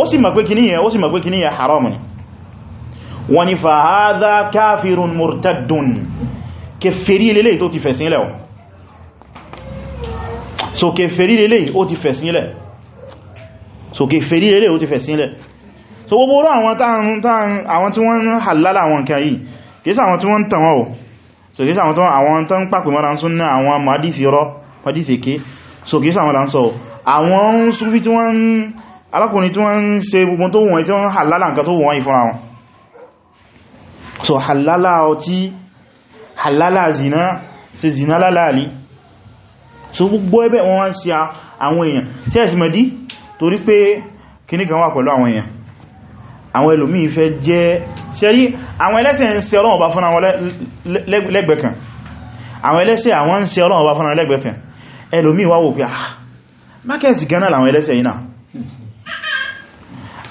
ó sì mọ̀ pé kìníyàn ó sì kèfèrí lélẹ̀ tó ti fẹ̀sìn lẹ̀ so kèfèrí lélẹ̀ ó ti fẹ̀sìn lẹ̀ so kèfèrí lélẹ̀ ó ti fẹ̀sìn lẹ̀ so gbogbo orú àwọn tí wọ́n halala àwọn nǹkan yìí kìí sáwọn tí wọ́n tàn wọ́n o so kìí sáwọn àwọn tó ń pàpè mọ́ra ń sún ní àwọn mọ́dífì rọ́ mọ́dífì kí so kìí sáwọn láńsọ àwọn súnfí tí wọ́n alákùnrin tí wọ́n ń ṣe gbogbo tó wọ́n tí wọ́n halala nǹkan tó wọ́n ìfúnra wọn so halala ọtí halala zina sí zina lálàálì so gbogbo ẹbẹ̀ wọ́n wá ń sí àwọn èèyàn sí ẹ̀sìmọ̀dí torí pé kíní kan wà pẹ̀lú àwọn èèyàn àwọn ẹlòmíì fẹ́ jẹ́ sẹ́rí àwọn ẹlẹ́sẹ̀ ń ṣe Ọlọ́run ọba fún àwọn lẹ́gbẹ̀ẹ́ kan àwọn ẹlẹ́sẹ̀ àwọn ń ṣe Ọlọ́run ọba fún àwọn lẹ́gbẹ̀ẹ́ kan ẹlòmíì wá wò pé ah mákẹ́ẹ̀tì gan náà làwọn ẹlẹ́sẹ̀ yìí náà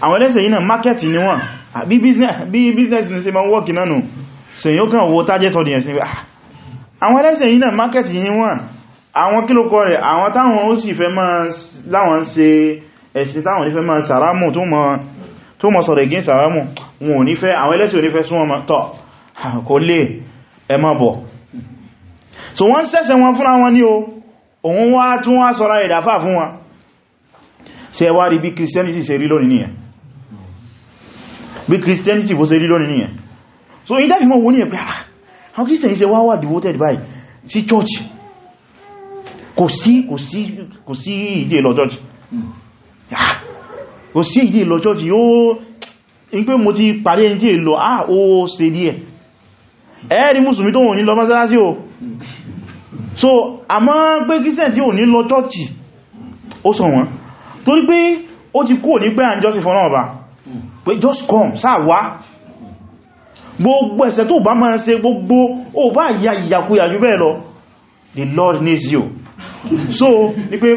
àwọn ẹlẹ́sẹ̀ yìí náà mákẹ́ẹ̀tì ni wọ́n bí business ni ṣe máa ń wọ́kì náà nù so yíó kàn wo target audience ní ah, àwọn ẹlẹ́sìn yìí náà market yìí wọ́n àwọn kílòkọ rẹ̀ àwọn táwọn ó sì fẹ́ máa láwọn ń ṣe ẹ̀sìn táwọn ní fẹ́ máa sàrámù tó mọ̀ sọ̀rọ̀ ìgín sàrámù wọn ò ní fẹ́ so wọ́n sẹ́sẹ̀ wọn fúnra wọn o òun wá tún wá sọ́ra ìdàfà fún wọn ṣé wá rí bí christianity ṣe rí lónìí nìyẹn bó ṣe rí lónìí nìyẹn so in that moment wo ni e pe ah how Christian ṣe wá wà devoted by sí church kò sí kò sí kò sí ìdí lọ church ah kò sí ìdí lọ church yo in pé mo ti pare en ti lọ ah ó ṣe díẹ̀ eh rí musumi tó wọ́n ní lọ mọ́sálásí o so àmọ́ pé Christian tí ó ní lọ church ó sọ wọ́n torí pé ó ti kúrò ní pé à ń jọ́sìn fọ́nà ọba pé just come sáà wá gbogbo ẹ̀ṣẹ̀ tó bá máa ṣe gbogbo ó bá ya ìyàkúyà jù bẹ́ẹ̀ lọ the lord needs you so ní pé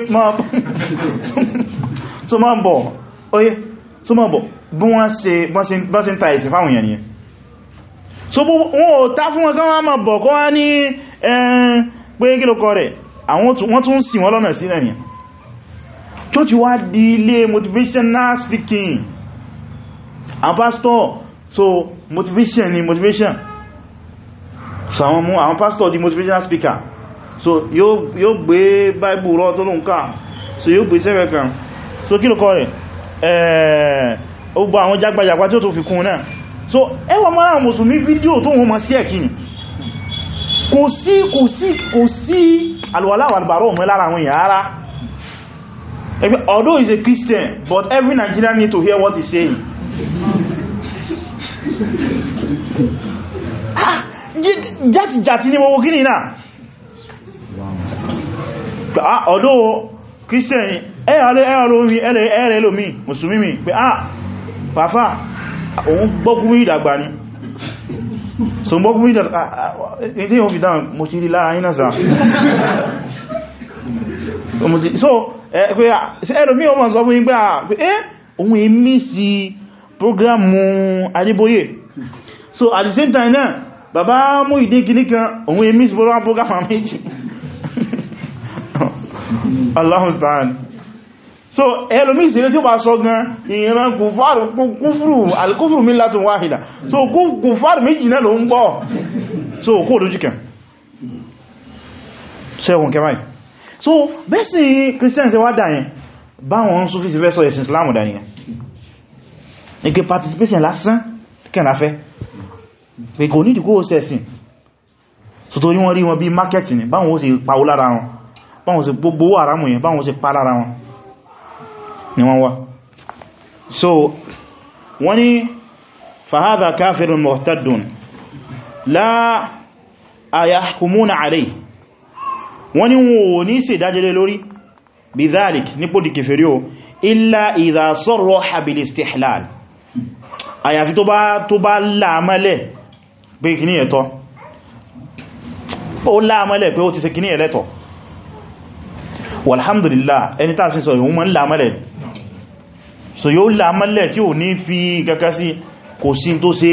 so ma ń bọ̀ oye so ma bọ̀ bí wọ́n ṣe bá ṣe ń ta ẹ̀sìn fáwọn yẹn so wọ́n ò tá fún wọn kán bọ̀ kọ́ wá ní eh, pé kí ló kọ́ rẹ̀ wọ́n tún sì wọ́n lọ́nà sí lẹ́nìyàn church wá di ilé motivational speaking a pastor so motivation ni motivation so àwọn mú pastor di motivational speaker so yóò gbé bible rọ tó lóun ká so yóò gbé sẹ́fẹ́ kan so kí ló kọ́ rẹ̀ ọgbà àwọn jágbàjàgbà tí ó tó fi kún náà so ẹwà mọ́ àwọn mùsùlùmí fídíò tó wọ́n mọ́ sí ẹ̀kìnì kò sí kò sí kò sí alwàláwàlbàrọ̀ although he's a Christian but every Nigerian need to hear what he's saying játijàti ní gbogbo gíní náà ọ̀dọ́ o ẹ̀rọ lómi ẹ̀rẹ lómi mùsùlùmí mi pé a ah, pàfà òun gbọ́gbùmí ìdàgbà ni so gbọ́gbùmí ìdàgbà ah, ah, eh, fi mo lára so ẹ̀rọ mi ọmọ sọ fún a pé eh, prógrámù Adébóyè so at the same time náà baba mú ìdí gini kan òun èmì ìsìnbọ̀rọ̀ prógrámù méjì Allahu musta'an so ẹlòmí ìsìnlẹ̀ tí ó bá sọ gan ìran kùfàrù kúfùrù alkúfùrù millatun wahida so kùfàrù méjì náà ló ń so kó lójú kan sẹ́wọ̀n kẹwàá so basically christians wá dáyẹn báwọn Sufi fẹ́ sọ ẹ̀sìn Islam dáyẹn ní pé participation lásán kẹ́nà fẹ́ pé kò nídìí kó sẹ́sìn so torí wọ́n rí wọn bí market ní báwọn ó sì pàwó lára wọn báwọn sì gbogbo owó àrámù yẹn báwọn ó sì pa lára wọn ni wọ́n wá so wọ́n ni fahadha kafirun mu'taddun la ayahkumuna alayhi wọ́n ni wọ́n ní sí ìdájẹ́lé lórí bí dhalik nípò dìkẹfẹ̀rí o illa idha sarraha àyàfi tó bá tó bá láàmọ́lẹ̀ pé kìní ẹ̀tọ́ ó láàmọ́lẹ̀ pé ó ti ṣe kìní ẹ̀lẹ́tọ̀ walhamdulillah ẹni tàà sí sọ ìhun mọ́ láàmọ́lẹ̀ so yóò láàmọ́lẹ̀ tí ò ní fi kẹ́kẹ́ sí kò sí tó ṣe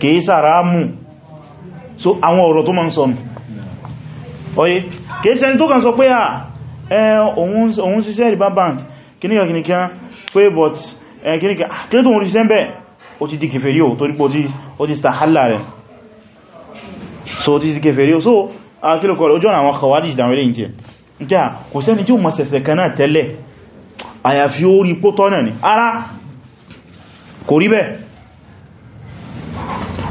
kìí sára mú so àwọn ọ̀rọ̀ tó ma ń sọ oye kìí sẹni tó kàn sọ pé à ẹ òun bank kìníkà kìníkà pé but ẹ̀kìríkà kí ah, tó ń rí sẹ́m̀bẹ̀ ó ti di kèfèrí o torí pé ó ti stahalla ti di kèfèrí so akílùkọ̀ ojú ọ̀nà àwọn a kò sẹ́ni tí ó mọ̀ sẹ̀sẹ̀ kan náà tẹ́lẹ̀ àyàfi ó ara kò rí bẹ́ẹ̀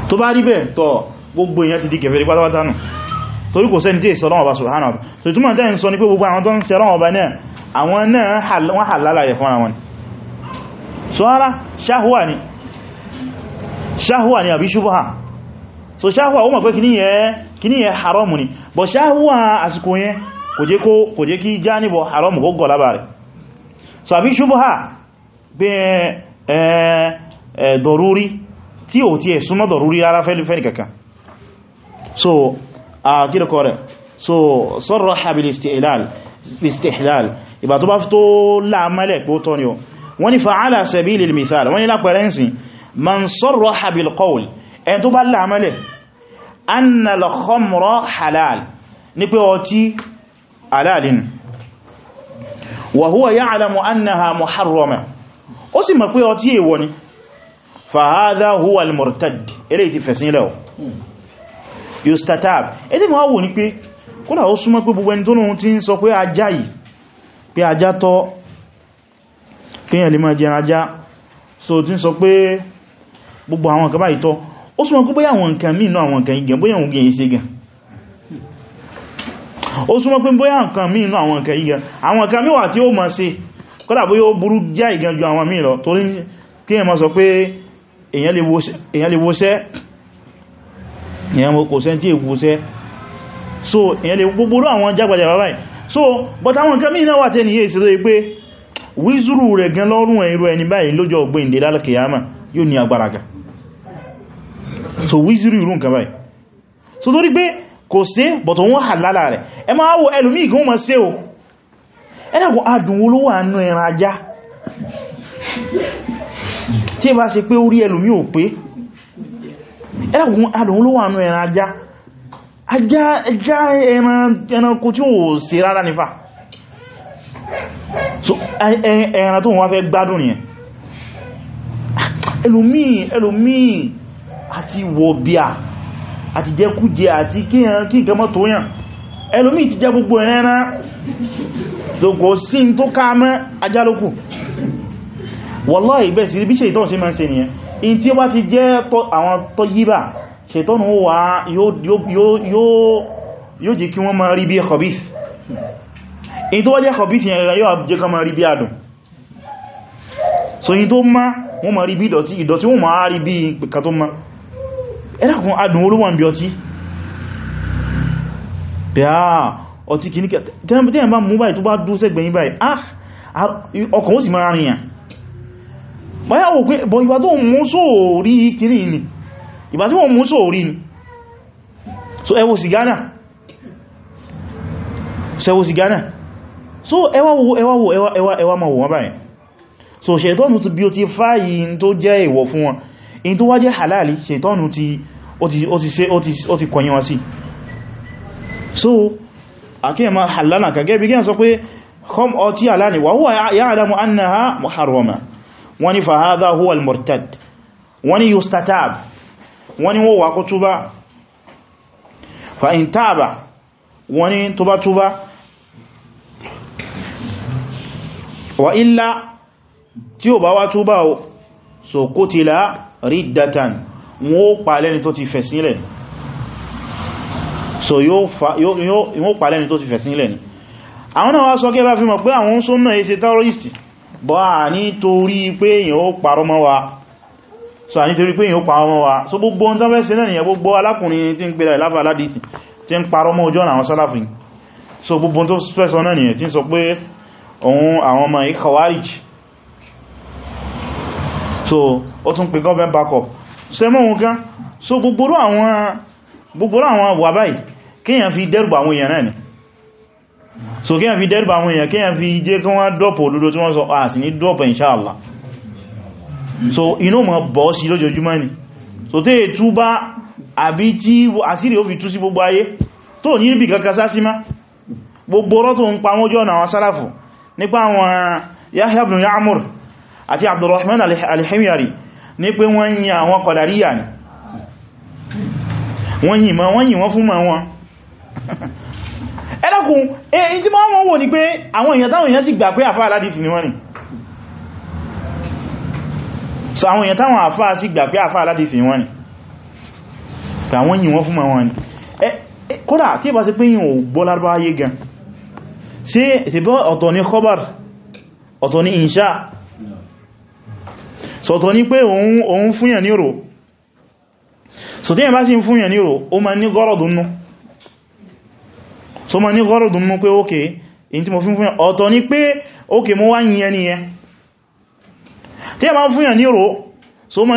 tó bá rí bẹ́ẹ̀ tọ́ gbogbo èèyàn ti di kèfèrí pátápátá nù torí kò sẹ́ni tí è sọ́lọ́wọ́ bá subhanahu so ìtumọ̀ tẹ́ ń sọ ní pé gbogbo àwọn tó ń sẹ́lọ́wọ́ bá náà àwọn náà wọ́n hàlálà yẹ fún ara so ara ṣáhúwà ni ṣáhúwà ni àbí ṣubúhà so ṣáhúwà ó mọ̀ pé kìní yẹ haramu ni bọ̀ ṣáhúwà àsìkò yẹn kò jẹ́ kí jánibọ̀ haramu kó gọ̀ lábàrẹ̀ so àbí ṣubúhà bí ẹ dọ̀rúrí tí ò tí ẹ̀ súnmọ́ dọ̀rúrí rárá fẹ́lifẹ́ni kankan so a kílùkọ rẹ̀ so sọ́rọ̀ habil istihlal ìbà tó bá fi tó láàmẹ́lẹ̀ pé ó tọ́ wọ́n ni fa'ala sabili al-mithal wọ́n ni lápẹrẹ ǹsìn man sarraha bil qawl ẹn tó bá láàmọ́lẹ̀ anna al-khamra halal ní pé ọtí alalin wa huwa ya'lamu annaha muharrama ó sì mọ̀ pé ọtí èwọ̀ ni fa hadha huwa al-murtad ilé ti fẹ̀sìn lẹ́wọ̀ yustatab ẹdí ma wò ní pé kọ́nà ó súnmọ́ pé gbogbo ẹni tó kíyàn lè máa jẹ ajá so tí ń sọ pé gbogbo àwọn nǹkan báyìí tọ́ ó súnmọ́ pé bóyá àwọn nǹkan míì náà àwọn nǹkan igẹ̀ bóyá òun gẹ̀yìn ṣe gẹ̀n ó súnmọ́ pé bóyá nǹkan míì náà àwọn nǹkan igẹ̀ àwọn nǹkan míwà tí ó máa ṣe kódà bóyá ó burú já ìgan ju àwọn míì lọ torí kíyàn máa sọ pé èyàn lè wóṣẹ́ èyàn kò sẹ́ tí so èyàn lè gbogbo àwọn jágbàjàgbà báyìí so but àwọn nǹkan míì náà wà tẹ́ wizuru rẹ̀ gan lọ́rùn ẹ̀rọ ẹni báyìí lọ́jọ́ ọgbẹ̀ndẹ̀ lálẹ́kìyàmà yóò ní agbaraga so wizuru irú nǹkan báyìí so torí pé kò sí bọ̀tọ̀ wọ́n hà lálà rẹ̀ ẹ máa wo ẹlùmí ìgbọ́n ma ṣe o aja nifa. so ẹran tó wọ́n fẹ́ gbádùn nìyẹn ẹlòmíì ẹlòmíì àti wọ̀bíà àti jẹkújẹ àti kíyàn kí nǹkan mọ́ tó yàn ẹlòmíì ti jẹ gbogbo ẹran tó kò sí tó ká mọ́ ajálókù wallahi bẹ́ẹ̀ sí bí ṣètọ́n sí máa ń ṣe nìyẹn in tí ó bá ti jẹ́ àwọn tó yíbà ṣètọ́n wà yóò jẹ́ kí wọ́n máa rí bí khabith in tó wá jẹ́ kọ̀bí ti yẹn yóò jẹ́ kọ́ ma rí bí adùn so in tó má wọ́n ma rí bí ìdọ̀tí ìdọ̀tí wọ́n ma rí bí ìpẹ̀kà tó má ẹ́dàkùn adùn olówó ń bí ọtí pẹ̀ àà ah, ọtí kì ah, ah ọkàn ó sì máa rìnyàn báyá wò pé bọ̀ ìgbà tó mú sóòrí kìrì ní ìgbà tí wọ́n mú so ẹwàwò ẹwàwò ẹwà ma wò wọ́n báyìí so ṣètọ́nù ti bí o ti fáyí tó jẹ́ ìwọ̀ fún wọn in tó wá jẹ́ halali ṣètọ́nù ti ó ti kọ̀yìn wọn sí so akẹ́ ma halala kagẹ́ bí gẹ́n sọ pé khom ọtí halali wa huwa ya'lamu annaha muharrama wani fa hadha huwa al-murtad wani yustatab wani wọ́n wà wa illa tí ó bá wá túbá o so qutila datan wọ́n pa ni tó ti fẹ̀sílẹ̀ so yóò pa lẹ́ni tó ti fẹ̀sílẹ̀ ni àwọn náà wá sọ kẹ́ bá fi mọ̀ pé àwọn súnnà ẹsẹ terrorist bọ́ à ní torí pé èyàn ó mọ́ wa so à ní torí pé so gbogbo ohun tó fẹ́ ṣe náà nìyàn gbogbo alákùnrin tí ń pèlà ìlàfà aládìsì so gbogbo ohun tó fẹ́ tí ń sọ pé òun àwọn ọmọ yìí so ó tún pè government backup so ẹmọ́ òun kan so gbogboro àwọn gbogboro àwọn wà kíyàn fi dẹ́rùbà àwọn èèyàn náà ni so kíyàn fi dẹ́rùbà àwọn èèyàn kíyàn fi jẹ́ kí wọ́n dọ́pọ̀ olódó tí wọ́n sọ so inú mọ̀ bọ́ sí lójoojúmọ́ ni so gbogbo ayé tó ń pa mọ́jọ́ náà wọn sálàfù nípa àwọn Yahya ibn Ya'mur àti Abdurrahman al-Himyari ní pé wọ́n yìn àwọn Qadariyya ni wọ́n yìn ma wọ́n yìn wọ́n fún ma wọn ẹ̀dàkùn èyí tí wọ́n wò ní pé àwọn èèyàn táwọn èèyàn sì gbà pé àfáà aládìtì ni wọ́n ni so àwọn èèyàn táwọn àfáà sì gbà pé àfáà aládìtì ni wọ́n ni pé àwọn yìn wọ́n fún ma wọn ni kódà tí ìbá sí pé yìn ò gbọ́ Lárúbáwá gan sí ìtìbọn ọ̀tọ̀ ní khabar ọ̀tọ̀ ní inṣá sọ̀tọ̀ ní pé òun fúnyàn nírò so tí yẹn bá sí fúnyàn nírò ó ma ní gọ́rọ̀dùnnú so ma ní gọ́rọ̀dùnnú pé ókè in tí mo fún fúnyàn ọ̀tọ̀ ní pé ókè mo wá yìnyẹn nìyẹn tí yẹn bá fúnyàn nírò so ma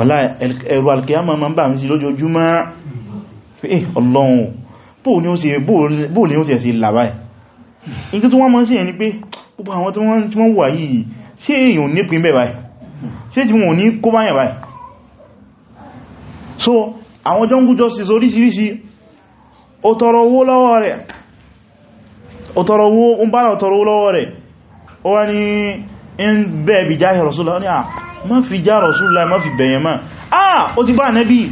ọ̀lá ah, ẹ̀rù alkiyama ma ń bà mí sí lójoojúmọ́ eh ọlọ́run bóò ni ó sì ẹ̀sì làbáì ìgbé tó wọ́n mọ́ sí ẹni pé gbogbo àwọn tí wọ́n wà yìí sí èyàn ní pín bẹ̀ báyìí sí tí wọ́n ní kó báyìí báyìí so àwọn jungle justice oríṣiríṣi ó tọrọ owó lọ́wọ́ rẹ̀ ó tọrọ owó ń bára ó tọrọ owó lọ́wọ́ rẹ̀ ó wá ní ń bẹ́ẹ̀ bí jáhẹ̀ Rasulullah ní à ah, Ma fi já Rasulullah ma fi bẹ̀yẹn má ah ó ti bá Ànábì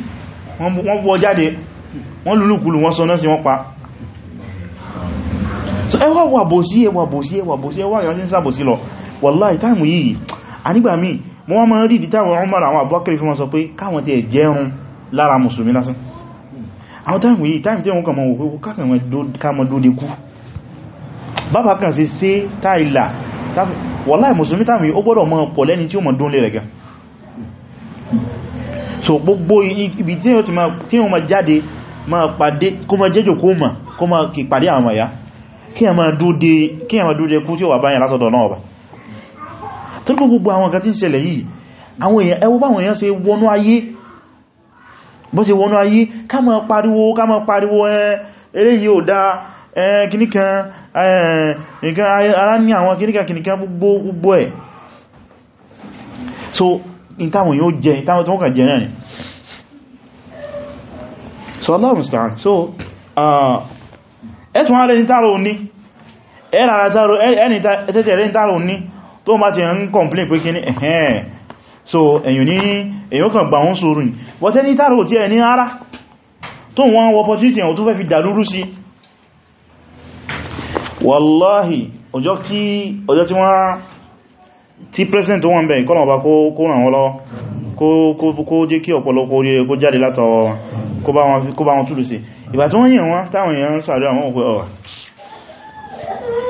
wọ́n wọ jáde wọ́n lùlùkulù wọ́n sọ náà sí wọ́n pa so ẹwà wà bò sí ẹwà bò sí ẹwà bò sí ẹwà yọ́ sí sàbò sí lọ wallahi táìmù yìí ànígbà míì mo wọ́n máa rí ìdí táwọn Umar àwọn Abubakar fi wọ́n sọ pé káwọn ti ẹ̀jẹ̀rún lára mùsùlùmí lásán àwọn kan sí sí táìlà wọ́láì mùsùlùmí tàbí ó gbọ́dọ̀ mọ́ pọ̀ lẹ́ni tí ó mọ̀ dúnlé rẹ̀ gan so gbogbo ibi tí ó ti ma jáde ma pàdé kó ma jẹ́jò kó ma kó ma kì pàdé àwọn ọmọ ya kí a ma dúdé kú tí ó wà báyàn látọ̀dọ̀ náà ọba tó kó gbogbo àwọn nǹkan tí ń ṣẹlẹ̀ yìí àwọn èèyàn ẹwọ́ báwọn èèyàn ṣe wọnú ayé bó ṣe wọnú ayé ká ma pariwo ká ma pariwo ẹ eléyìí ò dáa kìníkan ara ní àwọn kìníkan kìníkan gbogbo ẹ̀ so ìtàwọn yóò jẹ ìtàwọn tó wọ́n kà jẹ náà ni so Allah musta'an so ẹ̀tùn ara ẹni tààrà òní ẹni tẹ́tẹ̀ ẹni tààrà òní tó bá ti ń complain pé kí ní ẹ̀hẹ́n so èyàn ní èyàn gbà wọ́n sórùn but ẹni tààrà òtí ẹni ara tó wọ́n opportunity ẹ̀ wàláhì ọjọ́ tí wọ́n tí president wọ́n bẹ̀yìn kọ́nà ọba kó ràn wọ́n lọ́wọ́ kó jẹ́ kí ọ̀pọ̀lọpọ̀ orí kó jáde látọwọ́ kó bá wọn túlù sí ìgbà tí wọ́n yìn wọ́n táwọn èèyàn ń sàárẹ́ àwọn òpin ọ̀wà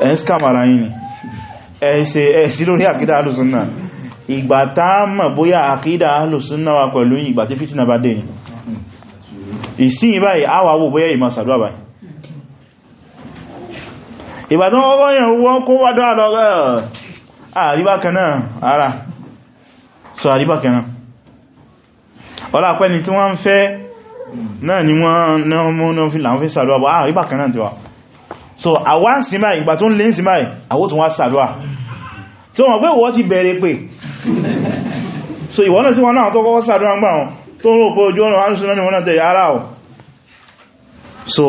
ẹ̀ ń skàmàrà yìí ẹ̀ sí lórí àkídà alùsùnnà ìgbà tá mọ̀ bóyá àkídà alùsùnnà wa pẹ̀lú ìgbà tí fìtínà bá dé ni ìsìn ìbáyìí àwàwò bóyá ìmọ̀ sàdúwà báyìí ìbàtán ọwọ́ yẹn wọ́n kó wádọ́ àlọ́rẹ́ àríbákanáà ara so àríbákanáà ọlápẹ́ ni tí wọ́n ń fẹ́ náà ni wọ́n náà fi láwọn so àwa ń símáì ìgbà tó ń lè ń símáì náà sí wọn so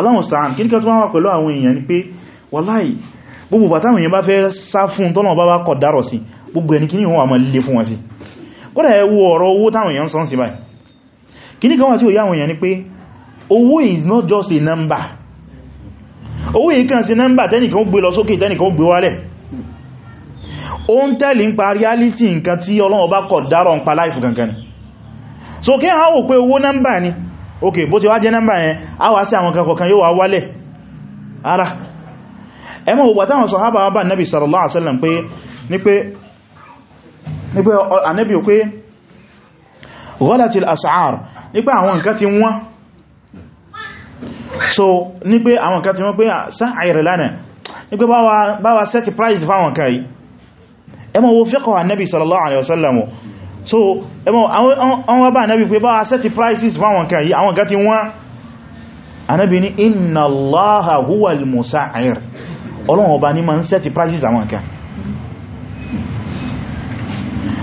aláwọ̀sàn kí ní kẹ́ tó wà pẹ̀lú àwọn èèyàn ni pé wàláì gbogbo bàtàwọn èèyàn bá fẹ́ sá fún tọ́nà bá bá kọ̀ dárọ̀ sí gbogbo ẹni kíní wọn àmà lè fún wọn sí kódà ọ̀rọ̀ owó táwọn èèyàn sọ́n sí báyìí kíní kan wà tí ó yá ni pé owó is not just a number owó yìí kan sí number tẹ́nìkan ó gbé lọ sókè tẹ́nìkan ó gbé wálẹ̀ ó reality nǹkan tí bá kọ̀ dárọ̀ ń life so kí a wò pé number ni ok bó ti wá jẹ́ number yẹn a wá sí àwọn kankan yóò wá wálẹ̀ ara ẹmọ ògbà táwọn sọ̀hábà wá bá nẹ́bì sallallahu alaihi wasallam pé ní pé anẹ́bì pé ghalatil as'ar ní pé àwọn nǹkan ti wọ́n so ní pé àwọn nǹkan ti wọ́n pé sa'ir lana ní pé bá wa set price fáwọn kai ẹmọ wo fiqh anẹ́bì sallallahu alaihi wasallam so ẹmọ àwọn wá bá anẹ́bì pé bá wa set prices fáwọn kai àwọn nǹkan ti wọ́n anẹ́bì ní inna allaha huwal musa'ir ọlọ́run ọba ní ma ń sẹ́ti prices àwọn nǹkan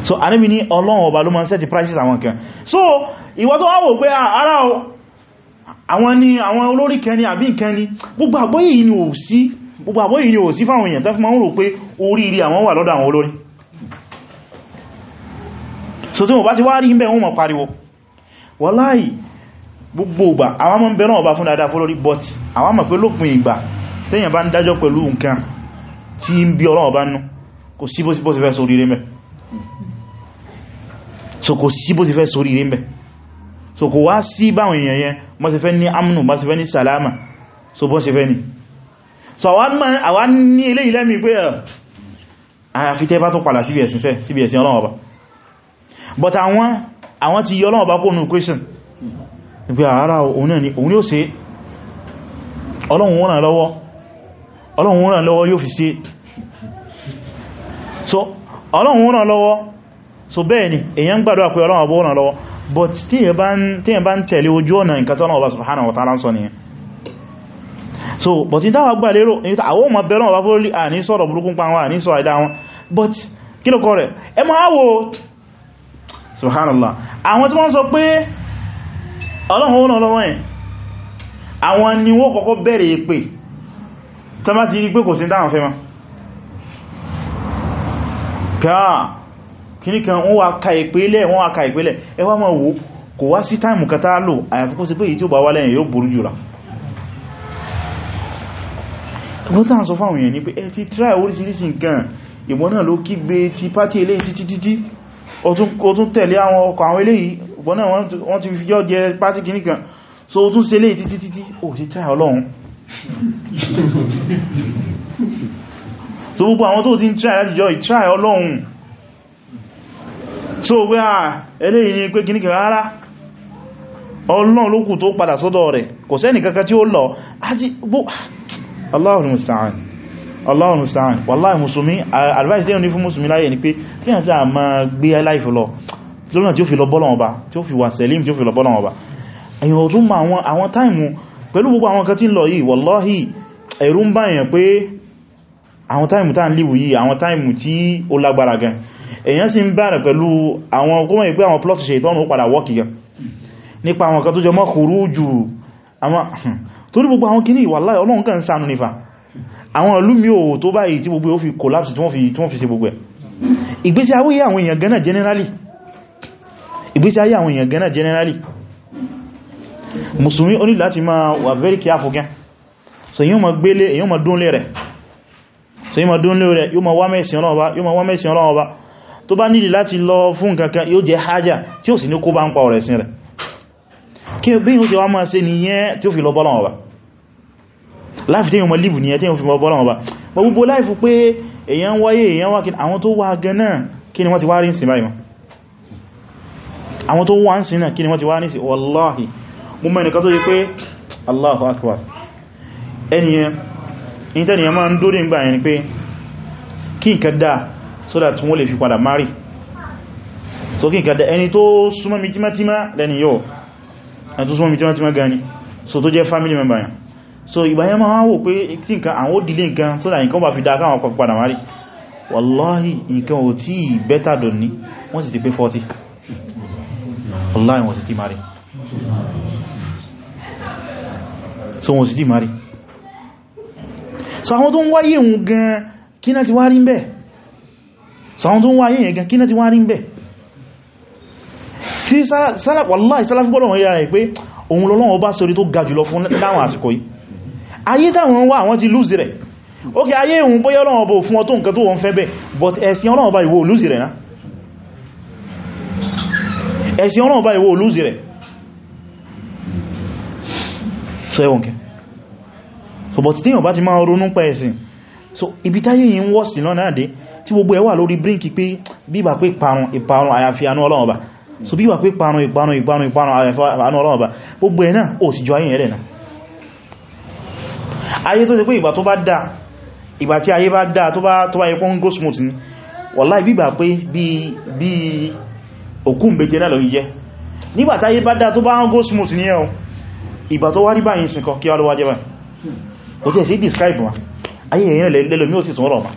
so anábi ní ọlọ́run ọba ló ma ń sẹ́ti prices àwọn nǹkan so ìwọ tó wá wò pé ah, ara àwọn ni àwọn olórí kẹni àbí nkẹni gbogbo àgbọ́yé yìí ni ò sí gbogbo àgbọ́yé yìí ni ò sí fáwọn èèyàn tó fi ma ń rò pé oríire àwọn wà lọ́dọ̀ àwọn olórí so tí wọ́n bá ti wá rí ń bẹ̀ wọ́n mọ̀ pariwo wọ́láì gbogbo ìgbà àwọn mọ́ ń bẹ̀rán ọba fún dáadáa fólórí but àwọn mọ̀ pé lópin ìgbà tẹ́yàn bá ń dájọ́ pẹ̀lú nǹkan tí ń bí Ọlọ́run bá nú kò sí bó ti fẹ́ sórí rẹ̀ mẹ́ so kò sí bó ti fẹ́ sórí rẹ̀ mẹ́ so kò wá sí báwọn èèyàn yẹn bó ti fẹ́ ní amnu bó ti fẹ́ ní salama so bó ti fẹ́ ní so àwa ní ilé ìlẹ́mì pé àyàfi tẹ́ bá tó padà síbi ẹ̀sìn sẹ́ síbi ẹ̀sìn Ọlọ́run bá but àwọn àwọn ti yí Ọlọ́run bá kó nù question ìpé àárá òun náà ni òun ni ó ṣe Ọlọ́run wọ́n náà lọ́wọ́ ọlọ́run ràn lọ́wọ́ yóò fi ṣe so ọlọ́run ràn lọ́wọ́ so bẹ́ẹ̀ ni èyàn ń gbàdúrà pé ọlọ́run ọbọ̀ ràn lọ́wọ́ but tí èyàn bá ń tẹ̀lé ojú ọ̀nà nǹkan tọ́nà ọba subhanahu wa ta'ala ń sọ nìyẹn so but ní dáwà gbà lérò àwọn ọmọ bẹ̀rẹ̀ ọba fún orí àní sọ̀rọ̀ burúkú pa wọn àní sọ àìdá wọn but kí ló kọ rẹ̀ ẹ máa wo subhanallah àwọn tí wọ́n sọ pé ọlọ́run ràn lọ́wọ́ yẹn àwọn ni wọ́n kọ́kọ́ bẹ̀rẹ̀ pé tó má ti rí kò sí dáhùn fẹ́ ma pẹ́à kìní kan wọ́n ka ìpínlẹ̀ wọ́n ka ìpínlẹ̀ ẹ wá wò kò wá sí táìmù kata lò àyàfikún sí pé èyí tí ó bá wá lẹ́yìn yóò burú jùlọ ló so ó tún ṣe eléyìí títí títí ti try ọlọ́run so gbogbo àwọn tó ti ń try láti jọ ìtry ọlọ́run so wé à eléyìí ni pé kìníkì rárá ọlọ́run ló kù tó padà sọ́dọ̀ rẹ̀ kò sẹ́ni kankan tí ó lọ àti gbó Allahu musta'an Allahu musta'an advice dẹ́yìn ní fún musulmi láyé ni pé kí yàn sí à máa gbé life lọ tí ó fi lọ bọ́lọ̀ ọba tí ó fi wà sẹ́lìm tí ó fi lọ bọ́lọ̀ ọba èyàn ọdún ma àwọn táìmù pẹ̀lú gbogbo àwọn kan tí ń lọ yìí wallahi ẹ̀rù ń báyàn pé àwọn táìmù tá ń líwù yìí àwọn táìmù tí ó lágbára gan èyàn sì ń bẹ̀rẹ̀ pẹ̀lú àwọn kọ́mọ̀ ìpé àwọn plot ṣe ìtọ́nù padà wọ́kì gan nípa àwọn kan tó jọ mọ́ collapse tí wọ́n fi ṣe gbogbo ẹ̀ ìgbésí ayé àwọn èèyàn gan generally ìgbésí ayé àwọn èèyàn gan generally mùsùlùmí ó ní láti máa wà very careful gan so yíò ma gbélé èyí ma dúnlé rẹ̀ so yíò ma dúnlé rẹ̀ yíò ma wá mẹ́sìn Ọlọ́run Ọba tó bá nílì láti lọ fún kankan yóò jẹ hajjá tí ó sì ní kó bá ń pa ọ̀rẹ̀ sí rẹ̀ kí bí yíò jẹ wá máa ṣe nìyẹn tí ó fi lọ bọ́lọ̀ Ọba láìfì tí yíò ma líbù nìyẹn tí yíò fi lọ bọ́lọ̀ Ọba ma gbogbo láìfù pé èyàn wáyé èyàn wá kí àwọn tó wá gan náà kí ni wọ́n ti wá rí ń sin báyìí àwọn tó wá ń sin náà kí ni wọ́n ti wallahi mú mẹ́rin kan tó yí pé Allahu Akbar ẹniyẹn ìtẹ́niyàn máa ń dórí ìgbà yẹn pé kí n kẹ́dà so that wọ́n lè fi padà mari so kí n kẹ́dà ẹni tó súnmọ́ mi tímátímá lẹ́ni yóò ẹni tó súnmọ́ mi tímátímá gani so tó jẹ́ family member yẹn so ìgbà yẹn máa wò pé tí nǹkan àwọn ó dìlé nǹkan so that nǹkan bá fi dá káwọn ọkọ̀ wallahi nǹkan ò tí bẹ́tà dọ̀ ní wọ́n sì ti pé 40 ti mari so wọ́n sì ti mari so àwọn tó ń wáyé ń gan kí náà ti wá rí ń bẹ̀ so àwọn tó ń wáyé yẹn gan kí náà ti wá rí ń bẹ̀ tí sálàpọ̀lá ìsálàfíbọ̀lọ̀ wọ́n yára rẹ̀ pé òun lọ́lọ́wọ́ bá sórí tó ga jùlọ fún láwọn àsìkò yìí ayé táwọn wá àwọn ti lúzi rẹ̀ ókè ayé ìhun bóyá ọlọ́wọ́ bó fún ọtó nǹkan tó wọ́n fẹ́ bẹ̀ but ẹ̀sìn ọlọ́wọ́ bá ìwò lúzi rẹ̀ so ẹwọ̀n kẹ so but tí yàn bá ti máa ronú pẹ́ ẹ̀sìn so ibi táyé yìí ń wọ́ sí lọ́nà àdé tí gbogbo ẹwà lórí bríǹkì pé bíbà pé parun ìparun àyàfi àánú Ọlọ́run Ọba so bíbà pé parun ìparun ìparun ìparun àyàfi àánú Ọlọ́run Ọba gbogbo ẹ̀ náà ò sì jọ ayé ẹ̀rẹ̀ náà ayé tó ṣe pé ìgbà tó bá dáa ìgbà tí ayé bá dáa tó bá tó bá ipò ń go smooth ni wàláhì bíbà pé bí òkú ń bèjẹ náà lórí jẹ́ nígbà táyé bá dáa tó bá ń go smooth ni ìgbà tó wá rí báyìí ṣe kọ kí alówá jẹ́ báyìí kò hmm. tí ẹ̀ describe wọn ayé èyàn lẹ́lẹ́lẹ́ mi ò sì tọ́rọ ọ̀pá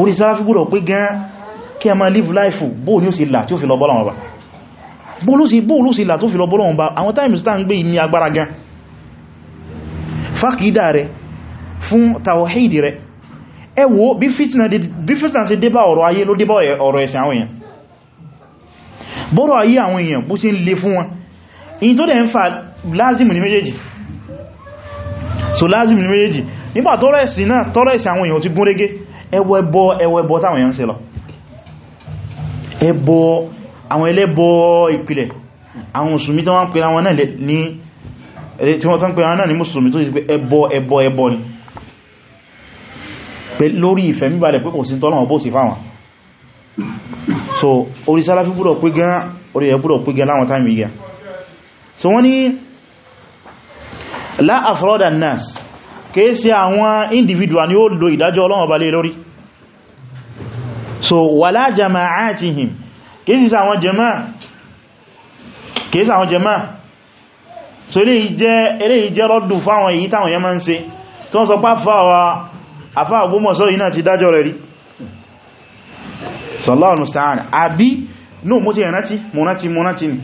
orí sáráfí gbọ́dọ̀ live life bóò ní ó sì là tí ó fi lọ bọ́lọ̀ ọba bóò ló sì là tó fi lọ bọ́lọ̀ ọba àwọn times tá ń gbé ní agbára gan fákìdá rẹ fún tawhid rẹ ẹ wo bí fitna ṣe débá ọ̀rọ̀ ayé ló débá ọ̀rọ̀ ẹ̀sìn àwọn èèyàn bọ́rọ̀ ayé àwọn èèyàn bó ṣe ń fún wọn in tó dẹ̀ ń fa lázìmù ní méjèèjì so lázìmù ní méjèèjì nígbà tọ́rọ ẹ̀sìn náà tọ́rọ ẹ̀sìn àwọn èèyàn ti gún régé ẹwọ ẹbọ Ebo, ẹbọ táwọn èèyàn ń ṣe lọ ẹbọ àwọn ẹlẹ́bọ ìpìlẹ̀ àwọn mùsùlùmí tó wọ́n pèrà wọn náà ní eh, tí wọ́n tán pèrà wọn náà ní mùsùlùmí tó ti pé ẹbọ ẹbọ ẹbọ ni pé lórí ìfẹ́ míbalẹ̀ pé kò sí tọ́lọ̀ ọbọ̀ sí fáwọn so orí sáláfí gbúdọ̀ pé gan orí ẹ̀ gbúdọ̀ pé gan láwọn táìmì yìí so wọ́n ní la afroda nas kìí ṣe àwọn individual ni ó lo ìdájọ́ Ọlọ́run ba lórí so wala jama'atihim kìí ṣe àwọn jama kìí ṣe àwọn jama so eléyìí jẹ́ eléyìí jẹ́ rọ́dù fáwọn èyí táwọn yẹn máa ń ṣe tó ń sọ pá fáwà àfáà Ògbómọ̀ṣọ́ yìí náà ti dájọ́ rẹ̀ mo ti ẹ̀rántí mo rántí mo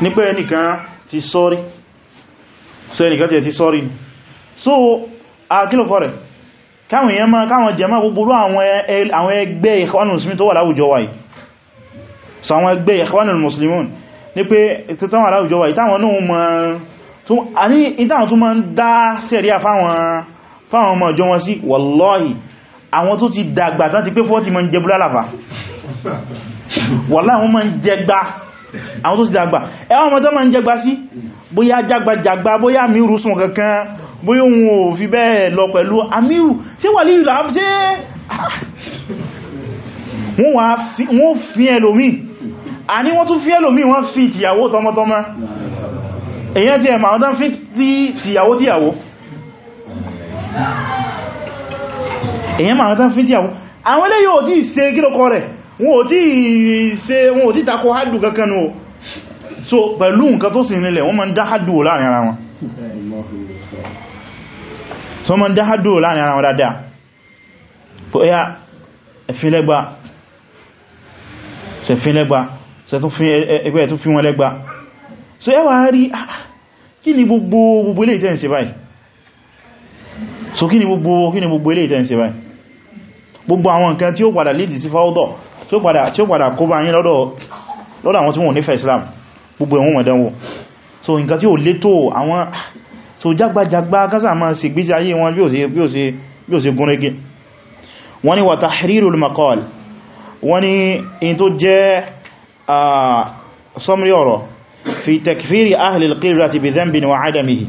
ní pé ẹnìkan ti sọ́rí so ẹnìkan ti ẹ̀ ti sọ́rí so àkílòfọ́ rẹ̀ káwọn èèyàn máa káwọn jẹ máa gbogbo àwọn ẹgbẹ́ Ikhwanul Muslimin tó wà láwùjọ wáyìí so àwọn ẹgbẹ́ Ikhwanul Muslimin ní pé ìtẹ́tàwọn aláwùjọ wáyìí táwọn náà máa àní ìtàwọn tó máa ń dá sẹ́ríà fáwọn ọmọ ìjọ wọn wallahi àwọn tó ti dàgbà tán ti pé 40 máa ń jẹ búlálàfà wallahi àwọn tó sì dàgbà ẹwà ọmọ tó ma ń jẹgba sí bóyá jagbajagba bóyá amíru sùn kankan bóyá òun ò fi bẹ́ẹ̀ lọ pẹ̀lú amíru sí wàlí ìlà sí wọ́n fi ẹlòmí a ní wọ́n tún fi ẹlòmí wọ́n fi tìyàwó tọmọtọmọ èyàn ti ẹ̀mà ọdán fi tìyàwó wọn ò tí ṣe wọn ò tí takò hádù kankan o so pẹ̀lú nǹkan tó sì nílẹ̀ wọ́n ma ń dá hádù láàrin ara wọn so ma ń dá hádù láàrin ara wọn dáadáa kò ẹ̀yà se ṣẹ̀fínlẹ́gba se ẹ̀tún fi wọn lẹ́gba so ẹwà rí ah, ah, kí ni gbogbo gbogbo ilé ìtẹ́ ìṣẹ́ báyìí so kí ni gbogbo kí ni gbogbo ilé ìtẹ́ ìṣẹ́ báyìí gbogbo àwọn nǹkan tí ó padà lè dì sí fáwọ́dọ̀ tí ó padà kó bá yín lọ́dọ̀ àwọn tí wọ́n nífẹ̀ẹ́ Islam gbogbo ẹ̀wọ̀n wọ̀dánwò so nǹkan tí ó lé tó àwọn so jágbàjágbà kásà ma sì gbíjá ayé wọn bí ó ṣe gúnrégé wọ́n ni wa tahrirul maqal wọ́n ni in tó jẹ́ sọmrí ọ̀rọ̀ fi takfiri ahlil qiblati bi dhanbin wa adamihi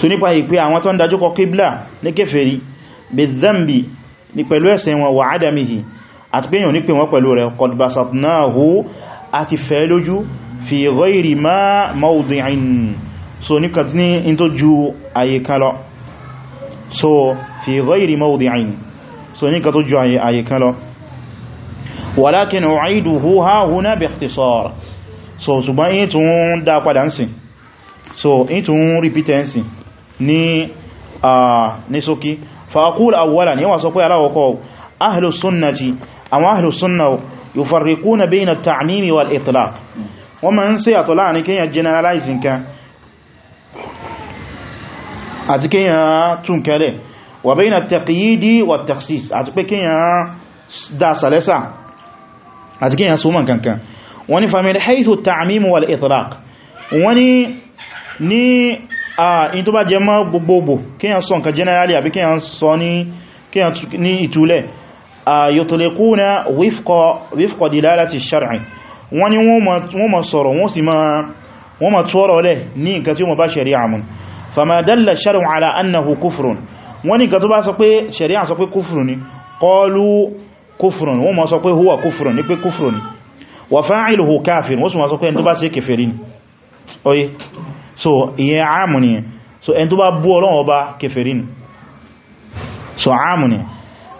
so nípa ìpé àwọn tó ń dájú kọ qibla ní kèfèrí bi dhanbi ní pẹ̀lú ẹ̀ṣẹ̀ wọn wa adamihi àti pé èyàn ní pé wọ́n pẹ̀lú rẹ̀ qad basatnahu àti fẹ́ lójú fi ghayri ma mawdi'in so ní kàtí ní tó ju àyè kan lọ so fi ghayri mawdi'in so ní kàtó ju àyè kan lọ walakin u'iduhu ha huna bi ikhtisar so ṣùgbọ́n in tún dá padà ń sìn so in tún repeat ń sìn ní ní sókí fa aqul awwalan ni wọ́n sọ pé aláwọ̀kọ́ ahlus sunnati àwọn ahlu sunna yufarriquna bayna at-ta'mim wal itlaq wọ́n ma ń ṣe àtọ̀ láàrin kíyàn generalize nǹkan àti kíyàn tún kẹrẹ wà bayna at-taqyidi wa at-takhsis àti pé kíyàn dá sàlẹ́sà àti kíyàn súnmọ̀ kankan wọ́n ni famin haythu at-ta'mim wal itlaq wọ́n ni ní in tó bá jẹ mọ́ gbogbogbò kíyàn sọ ní ìtúlẹ̀ yutliquna wifqa wifqa dilalati ash-shar'i wọ́n ní wọ́n ma sọ̀rọ̀ wọ́n sì ma wọ́n ma tọ́rọ̀ lẹ́ ní nǹkan tí ó ma bá ṣẹ̀rí'à mu fama dalla ash-shar'u ala annahu kufrun wọ́n ní nǹkan tó bá sọ pé ṣẹ̀rí'à sọ pé kufrun ni qalu kufrun wọ́n ma sọ pé huwa kufrun ni pé kufrun ni wa fa'iluhu kafir wọ́n sì ma sọ pé ẹni tó bá ni oye so ìyẹn àmù so ẹni tó bá bú Ọlọ́run ọba kèfèrí ni so àmù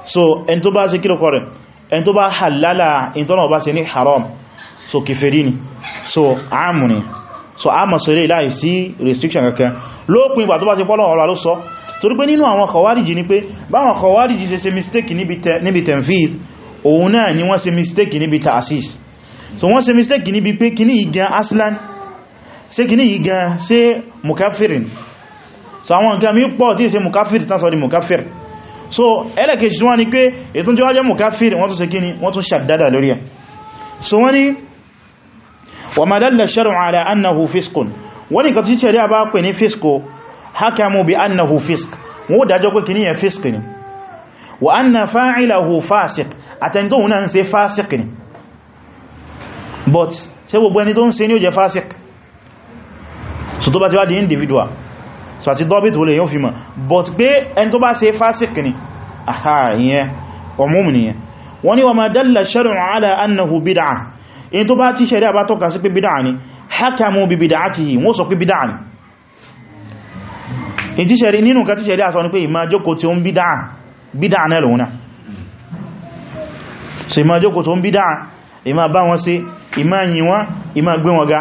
so ẹni tó bá ṣe kí lọ́kọ́ rẹ̀ ẹni tó bá halala ìtọ́nà bá ṣe ní haram so kèfèrí so ààmù so a mọ̀ sọ̀rẹ̀ láì sí restriction kankan lópin ìgbà tó bá ṣe pọ́lọ̀ ọ̀rọ̀ ló sọ torí pé nínú àwọn kọwàríjì ni pé báwọn kọwàríjì ṣe ṣe mistake níbi tenfith òun náà ni wọ́n ṣe mistake níbi ta'asis so wọ́n ṣe mistake níbi pé kìní igan aslan ṣe kìní igan ṣe mukafirin so àwọn nǹkan mi pọ̀ tí ṣe mukafir tán sọ di mukafir so ẹlẹ́kejì wọ́n ni pé ètò tí wọ́n jẹ́ mùkáfíìrì wọ́n tún ṣe kíni wọ́n tún ṣàdádà lórí ẹ̀ so wọ́n ni wa ma dalla shar'u ala annahu fiskun wọ́n ni kàtí ṣẹ̀rí bá pè ní fisko hakamu bi annahu fisk wọ́n dájọ́ pé kíní yẹn fisk ni wa anna fa'ilahu fasiq àtẹni tó hùn náà ń ṣe fasiq ni but ṣe gbogbo ẹni tó ń ṣe ní ó jẹ fasiq so tó bá ti wá di individual so àti dọ́bí tó lè yóò fi mọ̀ but pé ẹni tó bá ṣe fásik ni àhá ìyẹn ọmọmù nìyẹn wọ́n ni wọ́n ma dalla shar'u ala annahu bid'a in tó bá ti ṣẹ̀rẹ́ àbá tọ́ka sí pé bid'a ni hakamu bi bid'atihi wọ́n sọ pé bid'a ni in ti ṣẹ̀rẹ́ nínú ka ti ṣẹ̀rẹ́ àsọ ni pé ìmá jókò tí ó ń bid'a bid'a náà lòun náà so ìmá jókò tó ń bid'a ìmá bá wọn sí ìmá yìn ìmá gbé wọn ga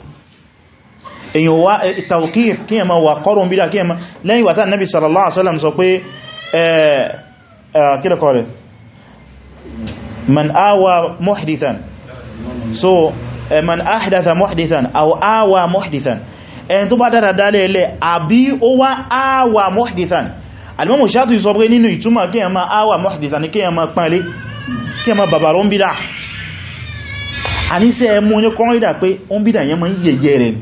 èyàn wá eh, tawqif kí ẹmọ wà kọrùn bídá kí ẹmọ lẹ́yìn wàtá nabi sallallahu alaihi wasallam sọ pé eh, eh, kílẹ̀kọ́ rẹ̀ man awa muhdithan so man ahdatha muhdithan aw awa muhdithan ẹni tó bá dára dálẹ̀ ilẹ̀ àbí ó wá awa muhdithan alimamu shatu sọ pé nínú ìtumọ̀ kí ẹmọ awa muhdithan kí ẹmọ pánlé kí ẹmọ babarun bídá a ẹmú ní kọ́nrídà pé ó ń bídà yẹn mọ́ yẹ̀yẹ̀ rẹ̀ ni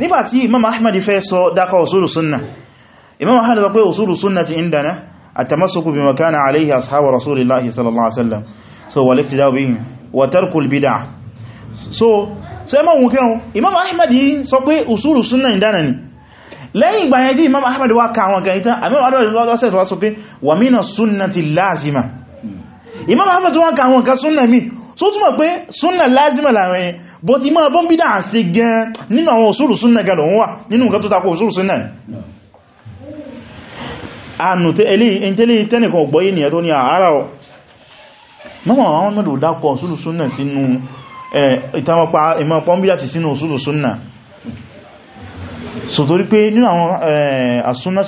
nígbàtí imam ahmad fẹ́ sọ dákọ̀ usulu sunna imam ahmad sọ pé usulu sunna ti indana at-tamassuku bima kana alayhi ashabu rasulillahi sallallahu alaihi wasallam so wal iqtida'u bihi so so imam wukan imam ahmad sọ pé usulu sunna indana ni lẹ́yìn ìgbà yẹn tí imam ahmad wá ka àwọn gan ìtàn imam ahmad wá sọ wá sọ pé wa mina so túnmọ̀ pé súnnà lázima láàrin yẹn bó ti máa bọ́n bídá à sí gan nínú àwọn òsúrù súnnà gẹ̀lọ̀ wọ́n wà nínú nǹkan tó takò òsúrù súnnà ànù tẹ́lẹ̀ tẹ́nìkan ọgbọ́yé nìyà tó ní àárá ọ mọ́mọ̀ àwọn mẹ́lò dákọ̀ òsúrù súnnà sínú so torí pé nínú àwọn asúnnà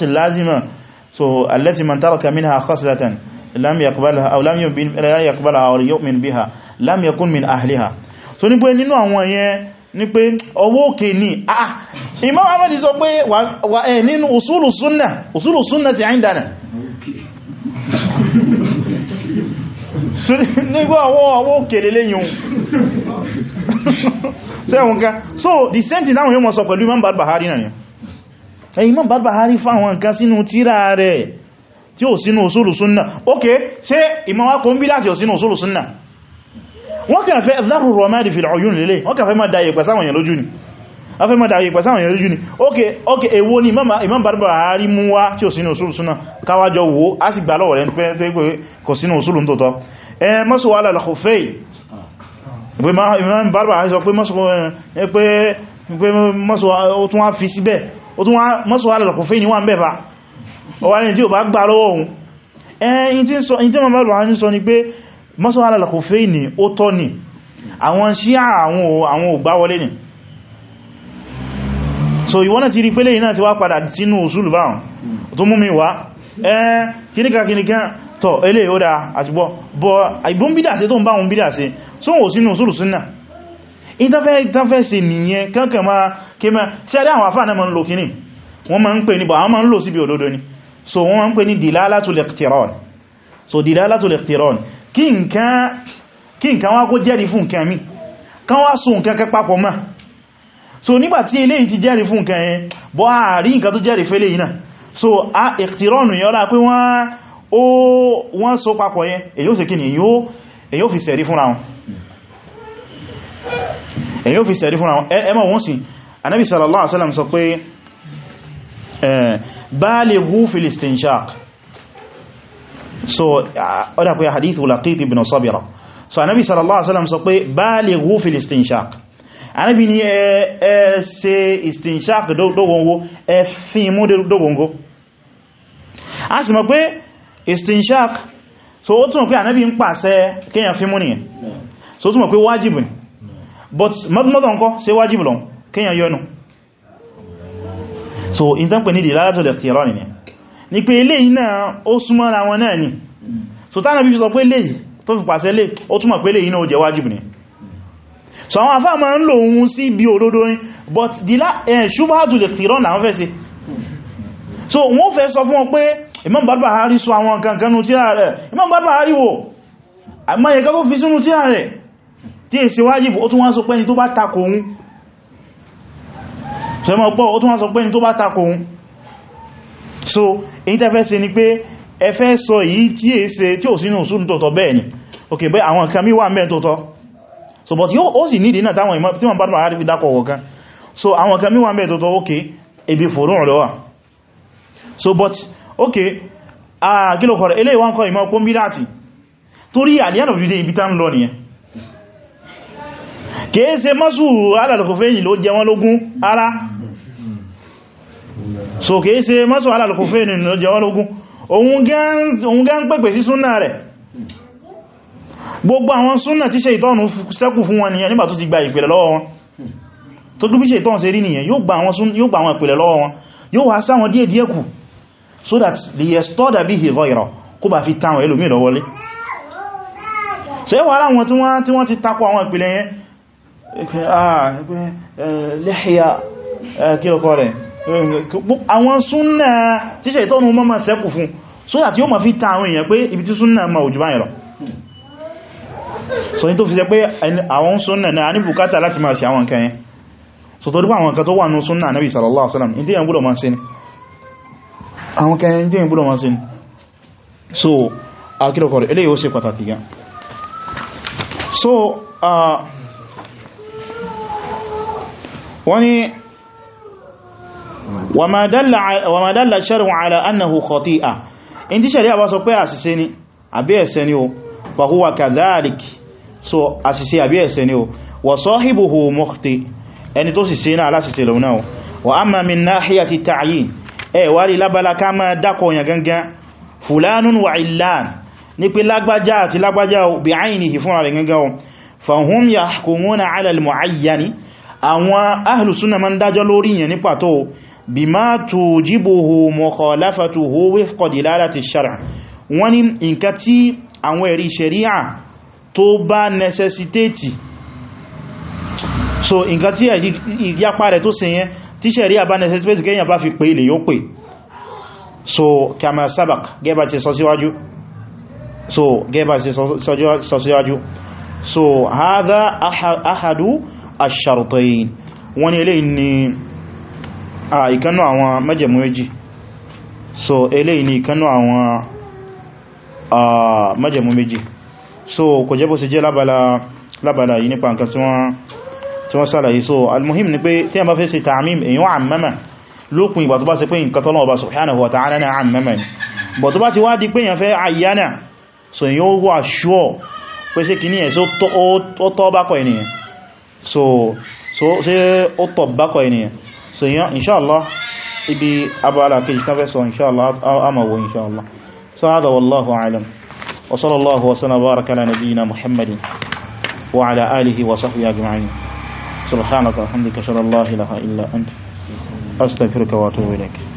لم يقبلها او لم يؤمن لا يقبلها او يؤمن بها لم يكن من اهلها so ní pé nínú àwọn yẹn ní pé owo òkè ni ah, ah imam ahmad sọ pé wa eh nínú usulu sunna usulu sunna ti indana so ní gbo owo owo òkè leleyun so wọ́n ka so the same thing now you must sọ pẹ̀lú imam bad bahari na ni eh imam bad bahari fa àwọn kan sínú tírà rẹ̀ tí ó sínú usulu súnnà ok ṣe ìmọ̀wá kò ń bí láti ò sínú usulu súnnà wọ́n kàn fẹ́ dharru ramadi fil uyun lélẹ̀ wọ́n kàn fẹ́ máa dáyé pẹ̀ sáwọn lójú ni a fẹ́ máa ni imam barbara rí mú wá tí ò sínú usulu súnnà káwájọ wo a sì gbà lọ́wọ́ rẹ̀ pé kò sínú usulu tó tọ́ ẹ mọ́sù wà lálàkọ̀fẹ́ imam barbara sọ pé mọ́sù wà ni wà ń bẹ̀bà ọwá ní tí ó bá gbà lọ́wọ́ ohun ẹ̀yìn tí wọ́n mẹ́lọ àwọn sọ ni pé mọ́sán alàlàkòfẹ́ ní so ìwọ́n ti rí pélé iná ti wá padà sínú òsùlù báwọn tó mú mi wá ẹ́ kíníkà kíníkà tọ̀ elé ó dáa àtìgbọ́ bọ́ ìbọn bídà sí tó ń bá wọn bídà sí sóhùn sínú òsùlù súnnà ìtafẹ́ sí nìyẹn kankan ma kí ma so wọ́n ń pè ní dilalatul iqtiran so dilalatul iqtiran kí nǹkan wá kó jẹ́rìí fún nǹkan mi kan wá so nǹkan kan papọ̀ mọ́ so nígbàtí eléyìí ti jẹ́rìí fún nǹkan yẹn bọ́ àárí nǹkan tó jẹ́rìí fẹ́lẹ̀ yìí náà so a iqtiranu yọ́lá pé wọ́n ó wọ́n so papọ̀ yẹn èyí ó ṣe kíni èyí ó fi sẹ̀rí fúnra wọn wọn balighu fil istinshaq so ọdá pé hadithu laqit ibn sabira so anabi sallallahu alaihi wasallam sọ pé balighu fil istinshaq anabi ni ẹ ṣe istinshaq dogongo ẹ fi mú dogongo a sì mọ̀ pé istinshaq so ó túnmọ̀ pé anabi ń pàṣẹ kíyàn fi mú nìyàn so ó túnmọ̀ pé wájìbù ni but mọ́dúnmọ́dún kọ́ ṣe wájìbù lọ kíyàn yọnu so in tán pè ní dilalatul iqtirani ni ni pé eléyìí náà ó súnmọ́ ra wọn náà ni so tánà bí fi sọ pé eléyìí tó fi pàṣẹ lè ó túnmọ̀ pé eléyìí náà ó jẹ wájìbù ni so àwọn afá ma ń lò ohun sí bí òdodo ni but ṣubhatul iqtirani àwọn fẹ́ sí so wọ́n fẹ́ sọ fún wọn pé Imam Barbahari sọ àwọn kankanu tíra rẹ̀ Imam Barbahari wo ma yẹ kọ́ fi sínú tíra rẹ̀ tí èsì wájìbù ó tún wá sọ pẹ́ni tó bá takò ohun so ẹmọ gbọ́ o tún wá sọ pé ní tó bá takò so èyí tẹ́ fẹ́ ṣe ni pé ẹ sọ èyí tí è ṣe tí ò sínú òsùn tòótọ́ bẹ́ẹ̀ ni ok bẹ́ àwọn nǹkan mí wà mẹ́ tòótọ́ so but yóò ó sì ní ìdínà táwọn ìmọ̀ tí wọ́n bá dùn àárífi dákọ̀ ọ̀kan so àwọn nǹkan mí wà mẹ́ tòótọ́ ok ebi fòrún ọ̀rọ̀ wà so but ok ah kí ló kọ̀rọ̀ eléyìí wọ́n kọ ìmọ̀ kó mbíláàtì torí àdíyànà òjúdé ibi tá ń lọ nìyẹn kìí ṣe mọ́sù alàlùkùfẹ́yìn ló jẹ wọ́n lógún ara so kìí ṣe mọ́sù alàlùkùfẹ́yìn ló jẹ wọ́n lógún òun gán pẹ̀pẹ̀ sí súnnà rẹ̀ gbogbo àwọn súnnà tí ṣe ìtọ́nù sẹ́kù fún wọn nìyẹn nígbà tó ti gba ìpìlẹ̀ lọ́wọ́ wọn so that the yestoda bí hìgọ́ ìrọ̀ kó bá fi táwọn ẹlòmí lọ́wọ́lé ṣe wà láwọn tí wọ́n ti takọ Ah, eh, lẹ́hìyà eh, kíọkọ rẹ̀ eh, àwọn súnnà tí ṣe ìtọ́nù mọ́ ma sẹ́kù fún súnnà tí ó ma fi ta àwọn èèyàn pé ibi tí súnnà ma òjúbá ìrọ̀ so ní tó fi ṣe pé àwọn súnnà náà ní bukata láti máa awọn àwọn so torí àwọn nǹkan tó wà sara wọ́n ni wàmà dálà ṣẹ́rùn ala annahu khati'a in ti ṣẹ̀ríà bá sọ pé àṣìṣe ni àbí ẹ̀ṣẹ̀ ni o fahuwa kadhalik so àṣìṣe àbí ẹ̀ṣẹ̀ ni o wa sahibuhu mukhti ẹni tó sì ṣe náà aláṣìṣe lòun náà wa amma min nahiyati ta'yin ẹ wà rí lábala ká máa dákọ̀ gangan fulanun wa illan ní pé lágbájá àti lágbájá bí àìníhì fún ààrẹ gangan fahum yahkumuna ala al-mu'ayyani àwọn ahlùsúnà ma ń dájọ́ lórí yẹn ní pàtó bí máa tó jíbòhò mọ̀kànláfàtò hówé kọdìlára ti ṣàrà wọ́n ní nǹkan tí àwọn ẹ̀rí ṣẹ̀ríà tó bá necessitate so nǹkan tí ìyapa rẹ̀ tó sẹ́yẹn tí ṣẹ̀ríà bá necessitate kẹ́yàn bá fi so kama sabak gẹ́bà ti so gẹ́bà ti so hadha ahadu ash-shartayn wọ́n ní eléyìí ni ìkanú àwọn májẹ̀mú méjì so eléyìí ni ìkanú àwọn májẹ̀mú méjì so kò jẹ́ bó ṣe jẹ́ lábala lábala yìí nípa nǹkan tí wọ́n tí wọ́n sálàyé so al-muhim ni pé tí a bá fẹ́ ṣe ta'mim èyàn àmàmà lókùn ìgbà tó bá ṣe pé nǹkan tọ́lọ́wọ́ bá subhanahu so èyàn ó wà ṣúọ̀ pé ṣe kì ní ẹ̀ sí ó tọ́ bá kọ̀ ènìyàn so so ṣe ó tọ̀ bákọ̀ ènìyàn so yán inṣáàlá ibi abala kejì tán fẹ́ sọ inṣáàlá amawo inṣáàlá so hada wallahu alam wa sallallahu wa sallam baraka ala nabiyyina muhammadin wa ala alihi wa sahbihi ajma'in subhanaka alhamdulillah la ilaha illa anta astaghfiruka wa atubu ilayk